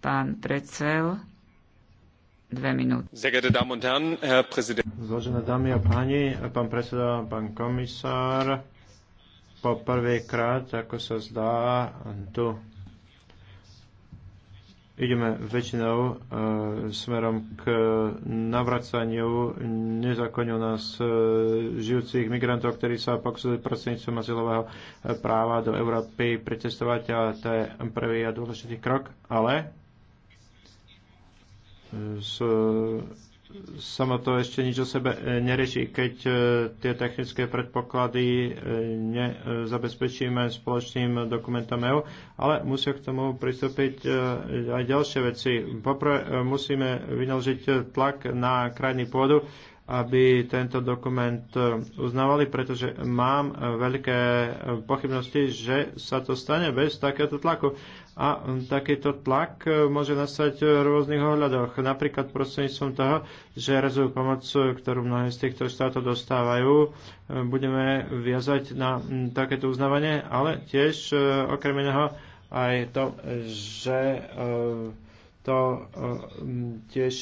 Pán Precel, dve minúty. Zložené dámy a páni, pán predseda, pán komisár, po prvýkrát, ako sa zdá, tu ideme väčšinou e, smerom k navracaniu nezákonne nás e, žijúcich migrantov, ktorí sa pokusili prostredníctvom azylového e, práva do Európy pretestovať a to je prvý a dôležitý krok, ale s samo to ešte nič o sebe e, nerieši, keď e, tie technické predpoklady e, nezabezpečíme spoločným dokumentom EU, ale musia k tomu pristúpiť aj ďalšie veci. Poprvé musíme vynaložiť tlak na krajný pôdu, aby tento dokument e, uznávali, pretože mám e, veľké e, pochybnosti, že sa to stane bez takéto tlaku. A takýto tlak môže nastať v rôznych ohľadoch. Napríklad prostredníctvom toho, že razovú pomoc, ktorú mnohé z týchto štátov dostávajú, budeme viazať na takéto uznávanie, ale tiež okrem iného aj to, že to tiež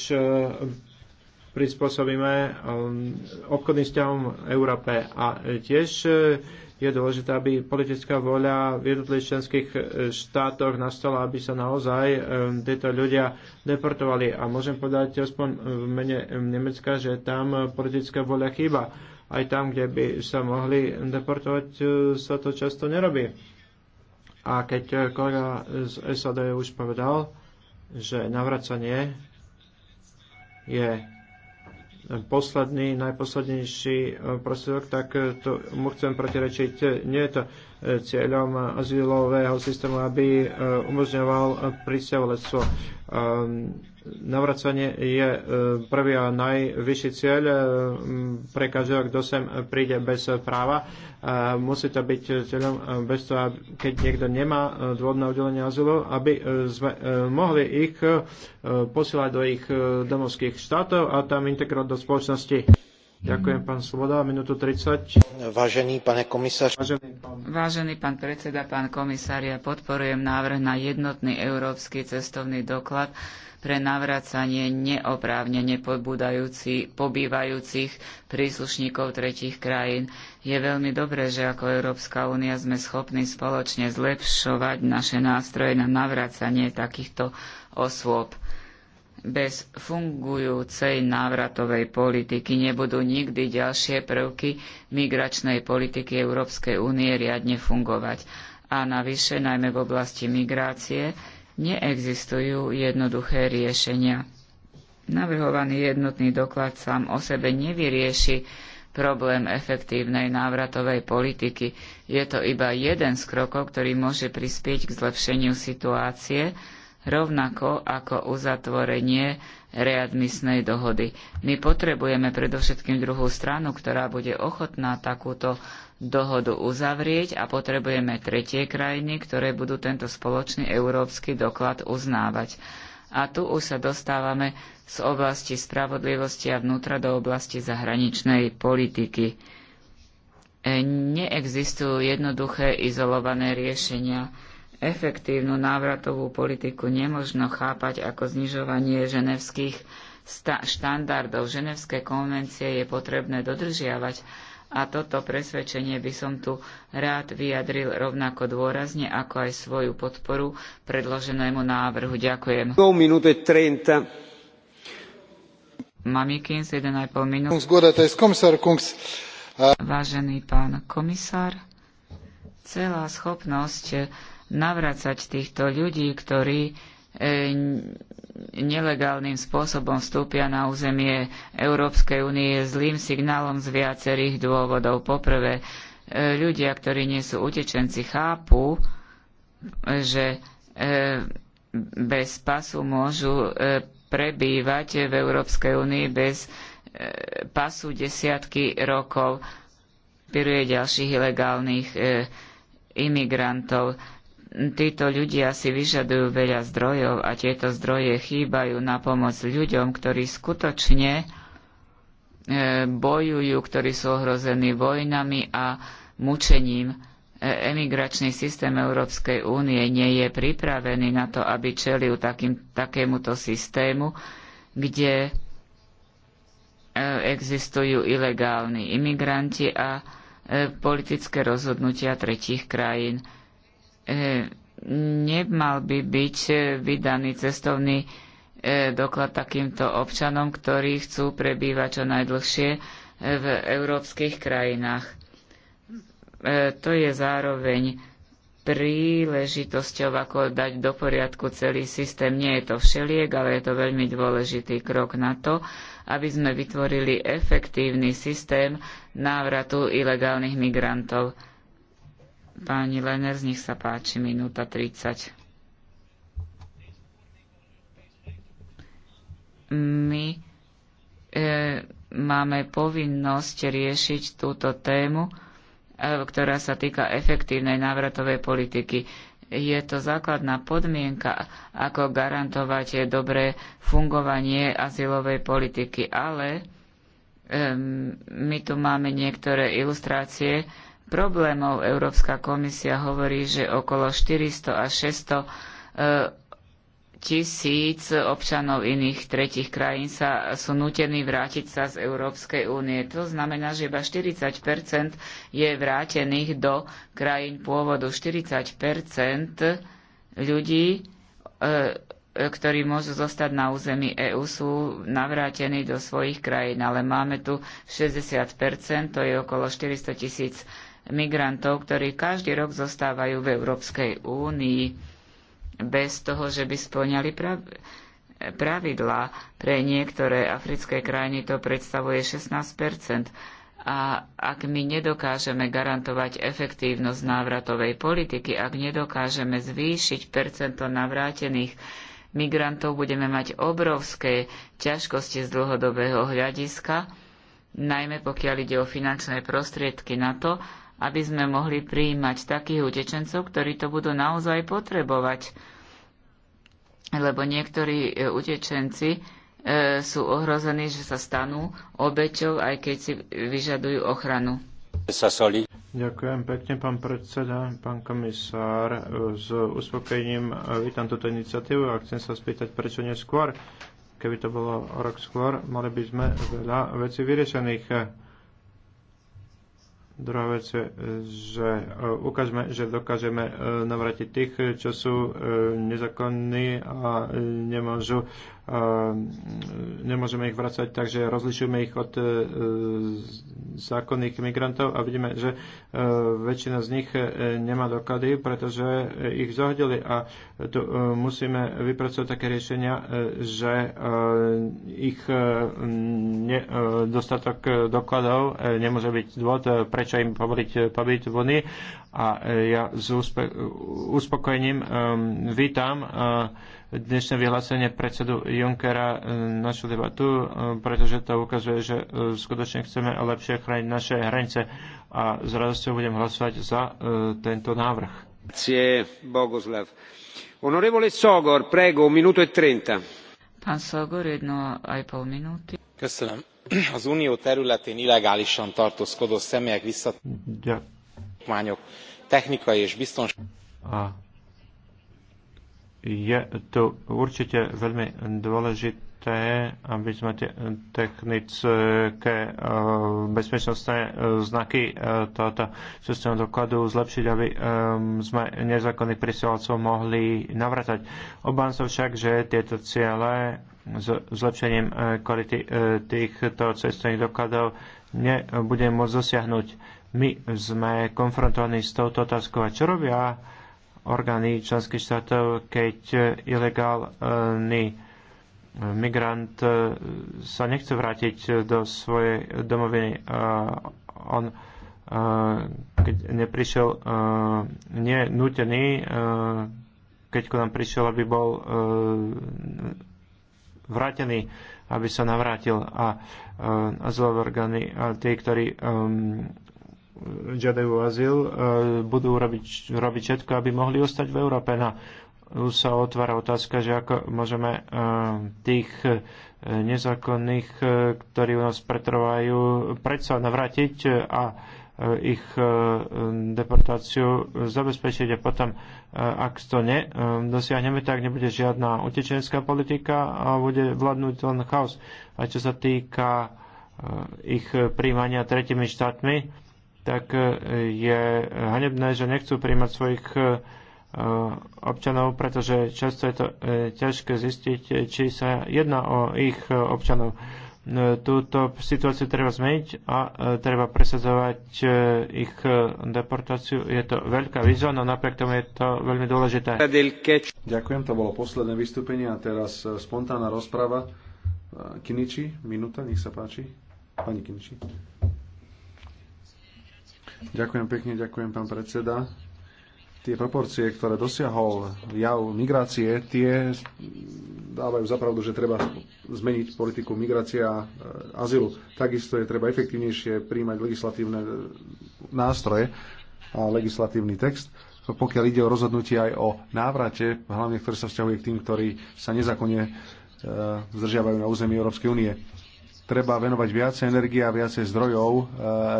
prispôsobíme um, obchodným vzťahom Európe. A e, tiež e, je dôležité, aby politická voľa v jednotlivých členských e, štátoch nastala, aby sa naozaj títo ľudia deportovali. A môžem povedať aspoň v mene Nemecka, že tam politická voľa chýba. Aj tam, kde by sa mohli deportovať, sa to často nerobí. A keď kolega z SAD už povedal, že navracanie je posledný, najposlednejší e, prostriedok, tak e, to mu chcem protirečiť. Nie je to e, cieľom azylového systému, aby umožňoval prisťahovalectvo ehm, navracanie je e, prvý a najvyšší cieľ e, pre každého, kto sem príde bez práva. E, musí to byť cieľom bez toho, keď niekto nemá dôvod na udelenie azylu, aby sme mohli ich posielať do ich domovských štátov a tam integrovať do spoločnosti. Ďakujem, pán Sloboda. Minútu 30. Vážený, pane komisár. Vážený pán... Vážený pán predseda, pán komisár, ja podporujem návrh na jednotný európsky cestovný doklad, pre navracanie neoprávne pobývajúcich príslušníkov tretich krajín. Je veľmi dobré, že ako Európska únia sme schopní spoločne zlepšovať naše nástroje na navracanie takýchto osôb. Bez fungujúcej návratovej politiky nebudú nikdy ďalšie prvky migračnej politiky Európskej únie riadne fungovať. A navyše, najmä v oblasti migrácie, neexistujú jednoduché riešenia. Navrhovaný jednotný doklad sám o sebe nevyrieši problém efektívnej návratovej politiky. Je to iba jeden z krokov, ktorý môže prispieť k zlepšeniu situácie, rovnako ako uzatvorenie readmisnej dohody. My potrebujeme predovšetkým druhú stranu, ktorá bude ochotná takúto dohodu uzavrieť a potrebujeme tretie krajiny, ktoré budú tento spoločný európsky doklad uznávať. A tu už sa dostávame z oblasti spravodlivosti a vnútra do oblasti zahraničnej politiky. E, neexistujú jednoduché izolované riešenia Efektívnu návratovú politiku nemožno chápať ako znižovanie ženevských štandardov. Ženevské konvencie je potrebné dodržiavať a toto presvedčenie by som tu rád vyjadril rovnako dôrazne, ako aj svoju podporu predloženému návrhu. Ďakujem. 1,5 minút. Vážený pán komisár, celá schopnosť navracať týchto ľudí, ktorí e, nelegálnym spôsobom vstúpia na územie Európskej únie zlým signálom z viacerých dôvodov. Poprvé, e, ľudia, ktorí nie sú utečenci, chápu, že e, bez pasu môžu prebývať v Európskej únii bez pasu desiatky rokov piruje ďalších ilegálnych imigrantov. Títo ľudia si vyžadujú veľa zdrojov a tieto zdroje chýbajú na pomoc ľuďom, ktorí skutočne e, bojujú, ktorí sú ohrození vojnami a mučením. E, emigračný systém Európskej únie nie je pripravený na to, aby čelil takým, takémuto systému, kde e, existujú ilegálni imigranti a politické rozhodnutia tretích krajín. E, nemal by byť e, vydaný cestovný e, doklad takýmto občanom, ktorí chcú prebývať čo najdlhšie v európskych krajinách. To je zároveň príležitosťou, ako dať do poriadku celý systém. Nie je to všeliek, ale je to veľmi dôležitý krok na to, aby sme vytvorili efektívny systém návratu ilegálnych migrantov. Páni Leners, nech sa páči, minúta 30. My e, máme povinnosť riešiť túto tému, e, ktorá sa týka efektívnej návratovej politiky. Je to základná podmienka, ako garantovať dobré fungovanie azylovej politiky, ale e, my tu máme niektoré ilustrácie, problémov. Európska komisia hovorí, že okolo 400 až 600 tisíc občanov iných tretich krajín sa sú nútení vrátiť sa z Európskej únie. To znamená, že iba 40 je vrátených do krajín pôvodu. 40 ľudí, e, e, ktorí môžu zostať na území EÚ, sú navrátení do svojich krajín, ale máme tu 60 to je okolo 400 tisíc migrantov, ktorí každý rok zostávajú v Európskej únii bez toho, že by splňali pravidlá. Pre niektoré africké krajiny to predstavuje 16 a ak my nedokážeme garantovať efektívnosť návratovej politiky, ak nedokážeme zvýšiť percento navrátených migrantov, budeme mať obrovské ťažkosti z dlhodobého hľadiska, najmä pokiaľ ide o finančné prostriedky na to, aby sme mohli prijímať takých utečencov, ktorí to budú naozaj potrebovať. Lebo niektorí e, utečenci e, sú ohrození, že sa stanú obeťou, aj keď si vyžadujú ochranu. Ďakujem pekne, pán predseda, pán komisár. E, s uspokojením vítam túto iniciatívu a chcem sa spýtať, prečo neskôr. Keby to bolo rok skôr, mali by sme veľa vecí vyriešených Druhá vec je, že e, ukážeme, že dokážeme e, navratiť tých, čo sú e, nezákonní a nemôžu Ehm, nemôžeme ich vracať, takže rozlišujeme ich od e, zákonných migrantov a vidíme, že e, väčšina z nich e, nemá doklady, pretože ich zahodili a tu musíme vypracovať také riešenia, že ich dostatok dokladov nemôže byť dôvod, prečo im povoliť pobyt v Unii a ja s uspokojením vítam dnešné vyhlásenie predsedu Junckera e, našu debatu, e, pretože to ukazuje, že e, skutočne chceme lepšie chrániť naše hranice a s radosťou budem hlasovať za tento návrh. Sogor, prego, minuto e 30. Pán Sogor, jedno aj pol minúty. Köszönöm. Az unió területén illegálisan tartózkodó személyek visszatérő technikai és biztonsági A je tu určite veľmi dôležité, aby sme tie technické e, bezpečnostné e, znaky e, tohoto systému dokladu zlepšiť, aby sme nezákonných prisielcov mohli navratať. Obávam sa však, že tieto ciele s zlepšením kvality týchto cestovných dokladov nebudeme môcť dosiahnuť. My sme konfrontovaní s touto otázkou a čo robia orgány členských štátov, keď e, ilegálny e, migrant e, sa nechce vrátiť do svojej domoviny. On, keď neprišiel, nie nutený, keď k nám prišiel, aby bol vrátený, aby sa navrátil a azylové orgány, a tí, ktorí žiadajú azyl, e, budú robiť, robiť všetko, aby mohli ostať v Európe. No, už sa otvára otázka, že ako môžeme e, tých e, nezákonných, ktorí u nás pretrvajú, predsa navrátiť a ich deportáciu zabezpečiť a potom, ak to ne, dosiahneme, tak nebude žiadna utečenská politika a bude vládnuť len chaos. A čo sa týka ich príjmania tretimi štátmi, tak e, je hanebné, že nechcú príjmať svojich e, občanov, pretože často je to e, ťažké zistiť, či sa jedná o ich občanov. Túto situáciu treba zmeniť a treba presadzovať ich deportáciu. Je to veľká výzva, no napriek tomu je to veľmi dôležité. Ďakujem, to bolo posledné vystúpenie a teraz spontánna rozprava. Kiniči, minúta, nech sa páči. Pani Kiniči. Ďakujem pekne, ďakujem pán predseda. Tie proporcie, ktoré dosiahol jav migrácie, tie dávajú zapravdu, že treba zmeniť politiku migrácie a e, azylu. Takisto je treba efektívnejšie príjmať legislatívne e, nástroje a legislatívny text pokiaľ ide o rozhodnutie aj o návrate, hlavne ktoré sa vzťahuje k tým, ktorí sa nezakonne e, zdržiavajú na území Európskej únie treba venovať viacej energie a viacej zdrojov e,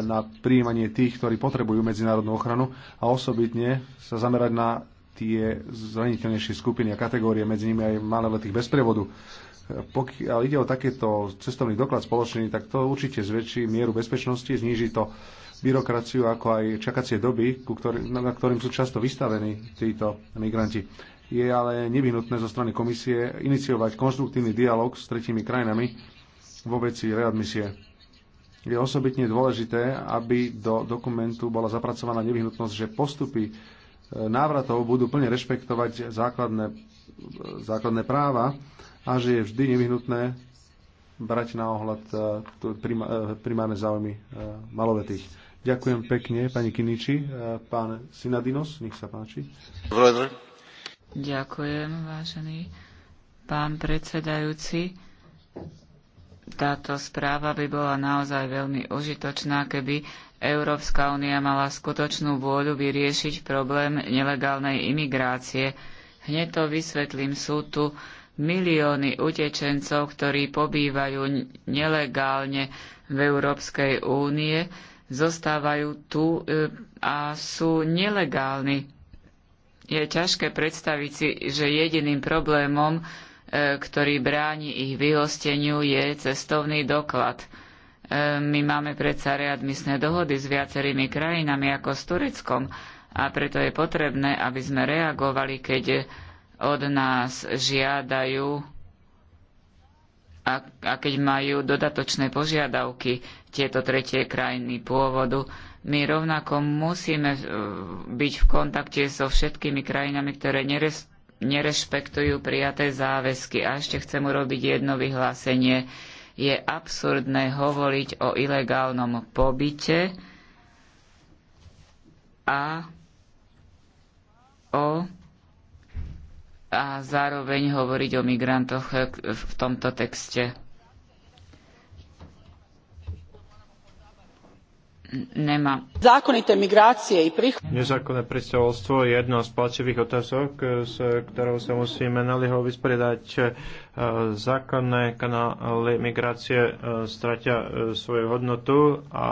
na príjmanie tých, ktorí potrebujú medzinárodnú ochranu a osobitne sa zamerať na tie zraniteľnejšie skupiny a kategórie, medzi nimi aj malé letých bez prievodu. E, pokiaľ ide o takéto cestovný doklad spoločný, tak to určite zväčší mieru bezpečnosti, zníži to byrokraciu, ako aj čakacie doby, ku ktorý, na ktorým sú často vystavení títo migranti. Je ale nevyhnutné zo strany komisie iniciovať konštruktívny dialog s tretími krajinami, vo veci readmisie. Je osobitne dôležité, aby do dokumentu bola zapracovaná nevyhnutnosť, že postupy e, návratov budú plne rešpektovať základné, základné práva a že je vždy nevyhnutné brať na ohľad e, e, primárne záujmy malovetých. Ďakujem pekne, pani Kiniči. Pán Sinadinos, nech sa páči. Ďakujem, vážený pán predsedajúci. Táto správa by bola naozaj veľmi užitočná, keby Európska únia mala skutočnú vôľu vyriešiť problém nelegálnej imigrácie. Hneď to vysvetlím, sú tu milióny utečencov, ktorí pobývajú nelegálne v Európskej únie, zostávajú tu e, a sú nelegálni. Je ťažké predstaviť si, že jediným problémom E, ktorý bráni ich vyhosteniu, je cestovný doklad. E, my máme predsa readmisné dohody s viacerými krajinami ako s Tureckom a preto je potrebné, aby sme reagovali, keď od nás žiadajú a, a keď majú dodatočné požiadavky tieto tretie krajiny pôvodu. My rovnako musíme e, byť v kontakte so všetkými krajinami, ktoré nerespektujú nerešpektujú prijaté záväzky. A ešte chcem urobiť jedno vyhlásenie. Je absurdné hovoriť o ilegálnom pobyte a o a zároveň hovoriť o migrantoch v tomto texte. nemá. Zákonité migrácie i prich... Nezákonné pristahovalstvo je jedna z plačivých otázok, eh, s ktorou sa musíme naliehavo vysporiadať. Eh, Zákonné kanály migrácie eh, stratia svoju hodnotu a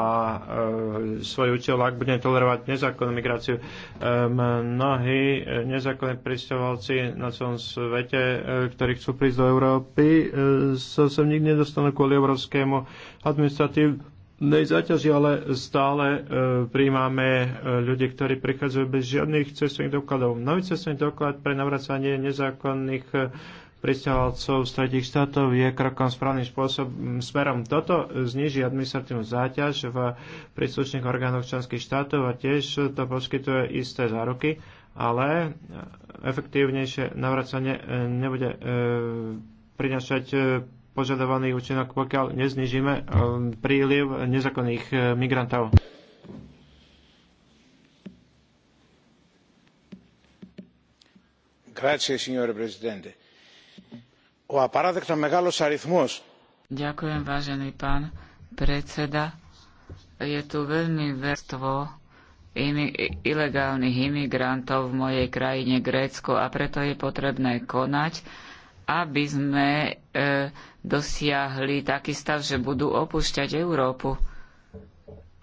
svoj účel, ak budeme tolerovať nezákonnú migráciu. Mnohí nezákonní pristahovalci na celom svete, ktorí chcú prísť do Európy, sa sem nikdy nedostanú kvôli obrovskému administratívu nej ale stále e, príjmame e, ľudí, ktorí prichádzajú bez žiadnych cestovných dokladov. Nový cestovný doklad pre navracanie nezákonných e, pristahovalcov z tretich štátov je krokom správnym spôsobom smerom. Toto zniží administratívnu záťaž v príslušných orgánoch členských štátov a tiež to poskytuje isté záruky, ale e, efektívnejšie navracanie e, nebude e, prinašať požadovaný účinok, pokiaľ neznižíme eh, príliv nezákonných eh, migrantov. Grazie, signore presidente. O megalos Ďakujem, vážený pán predseda. Je tu veľmi vrstvo imi- ilegálnych imigrantov v mojej krajine Grécko a preto je potrebné konať aby sme e, dosiahli taký stav, že budú opúšťať Európu.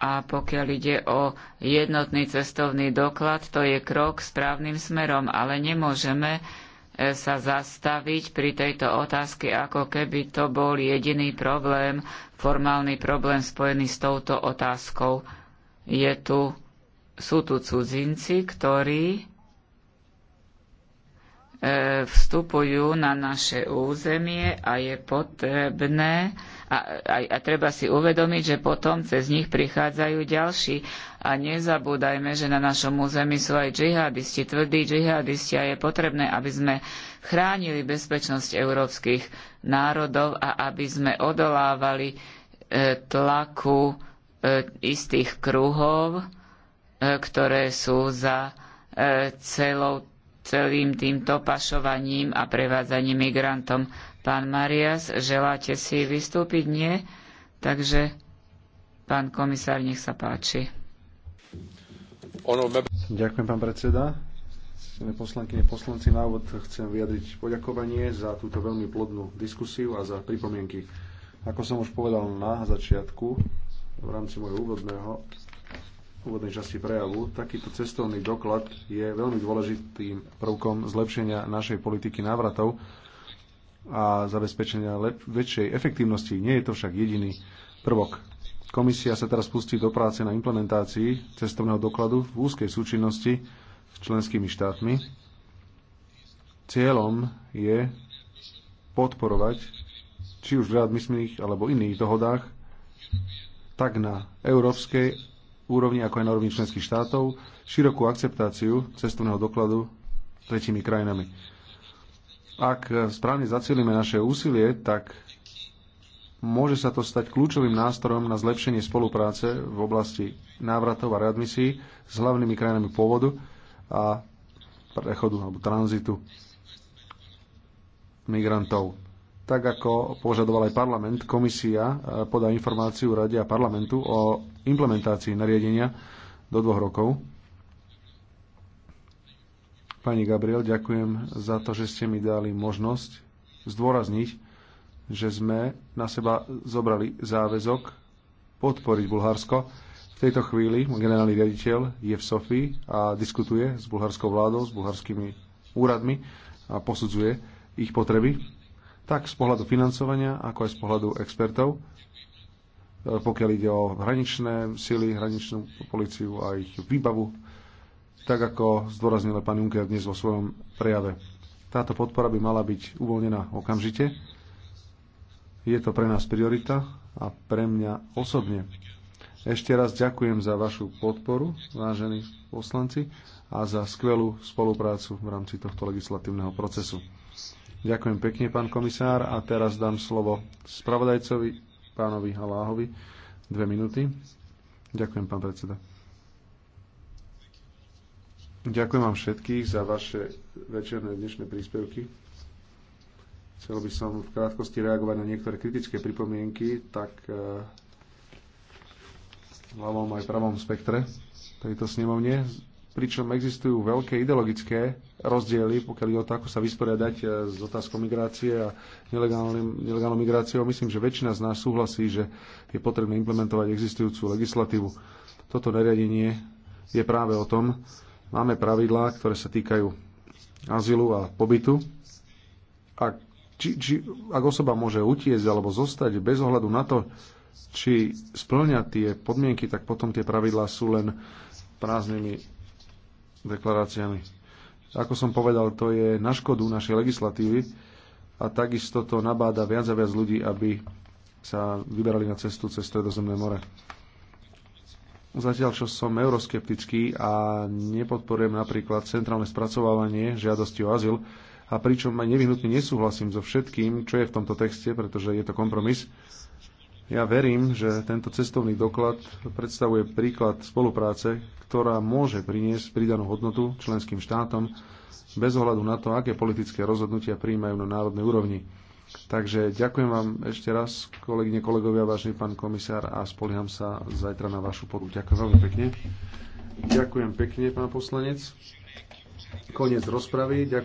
A pokiaľ ide o jednotný cestovný doklad, to je krok správnym smerom, ale nemôžeme e, sa zastaviť pri tejto otázke, ako keby to bol jediný problém, formálny problém spojený s touto otázkou. Je tu, sú tu cudzinci, ktorí E, vstupujú na naše územie a je potrebné a, a, a treba si uvedomiť, že potom cez nich prichádzajú ďalší. A nezabúdajme, že na našom území sú aj džihadisti, tvrdí džihadisti a je potrebné, aby sme chránili bezpečnosť európskych národov a aby sme odolávali e, tlaku e, istých kruhov, ktoré sú za celou celým týmto pašovaním a prevádzaním migrantom. Pán Marias, želáte si vystúpiť? Nie? Takže, pán komisár, nech sa páči. Ďakujem, pán predseda. Poslankyne, poslanci, na úvod chcem vyjadriť poďakovanie za túto veľmi plodnú diskusiu a za pripomienky. Ako som už povedal na začiatku, v rámci môjho úvodného úvodnej časti prejavu, takýto cestovný doklad je veľmi dôležitým prvkom zlepšenia našej politiky návratov a zabezpečenia lep- väčšej efektívnosti. Nie je to však jediný prvok. Komisia sa teraz pustí do práce na implementácii cestovného dokladu v úzkej súčinnosti s členskými štátmi. Cieľom je podporovať či už v readmisných alebo iných dohodách, tak na európskej úrovni, ako aj na úrovni členských štátov, širokú akceptáciu cestovného dokladu tretími krajinami. Ak správne zacielime naše úsilie, tak môže sa to stať kľúčovým nástrojom na zlepšenie spolupráce v oblasti návratov a readmisí s hlavnými krajinami pôvodu a prechodu alebo tranzitu migrantov tak ako požadoval aj parlament, komisia e, podá informáciu Rade a parlamentu o implementácii nariadenia do dvoch rokov. Pani Gabriel, ďakujem za to, že ste mi dali možnosť zdôrazniť, že sme na seba zobrali záväzok podporiť Bulharsko. V tejto chvíli generálny riaditeľ je v Sofii a diskutuje s bulharskou vládou, s bulharskými úradmi a posudzuje ich potreby tak z pohľadu financovania, ako aj z pohľadu expertov, e, pokiaľ ide o hraničné sily, hraničnú policiu a ich výbavu, tak ako zdôraznil pán Juncker dnes vo svojom prejave. Táto podpora by mala byť uvoľnená okamžite. Je to pre nás priorita a pre mňa osobne. Ešte raz ďakujem za vašu podporu, vážení poslanci, a za skvelú spoluprácu v rámci tohto legislatívneho procesu. Ďakujem pekne, pán komisár. A teraz dám slovo spravodajcovi, pánovi Haláhovi. Dve minúty. Ďakujem, pán predseda. Ďakujem vám všetkých za vaše večerné dnešné príspevky. Chcel by som v krátkosti reagovať na niektoré kritické pripomienky, tak e, v ľavom aj pravom spektre tejto snemovne pričom existujú veľké ideologické rozdiely, pokiaľ ide o to, ako sa vysporiadať e, s otázkou migrácie a nelegálnou migráciou. Myslím, že väčšina z nás súhlasí, že je potrebné implementovať existujúcu legislatívu. Toto nariadenie je práve o tom. Máme pravidlá, ktoré sa týkajú azylu a pobytu. Ak, či, či, ak osoba môže utiecť alebo zostať bez ohľadu na to, či splňa tie podmienky, tak potom tie pravidlá sú len prázdnymi deklaráciami. Ako som povedal, to je na škodu našej legislatívy a takisto to nabáda viac a viac ľudí, aby sa vyberali na cestu cez Stredozemné more. Zatiaľ, čo som euroskeptický a nepodporujem napríklad centrálne spracovávanie žiadosti o azyl, a pričom aj nevyhnutne nesúhlasím so všetkým, čo je v tomto texte, pretože je to kompromis, ja verím, že tento cestovný doklad predstavuje príklad spolupráce, ktorá môže priniesť pridanú hodnotu členským štátom bez ohľadu na to, aké politické rozhodnutia príjmajú na národnej úrovni. Takže ďakujem vám ešte raz, kolegyne, kolegovia, vážny pán komisár a spolíham sa zajtra na vašu poru. Ďakujem veľmi pekne. Ďakujem pekne, pán poslanec. Koniec rozpravy. Ďakujem.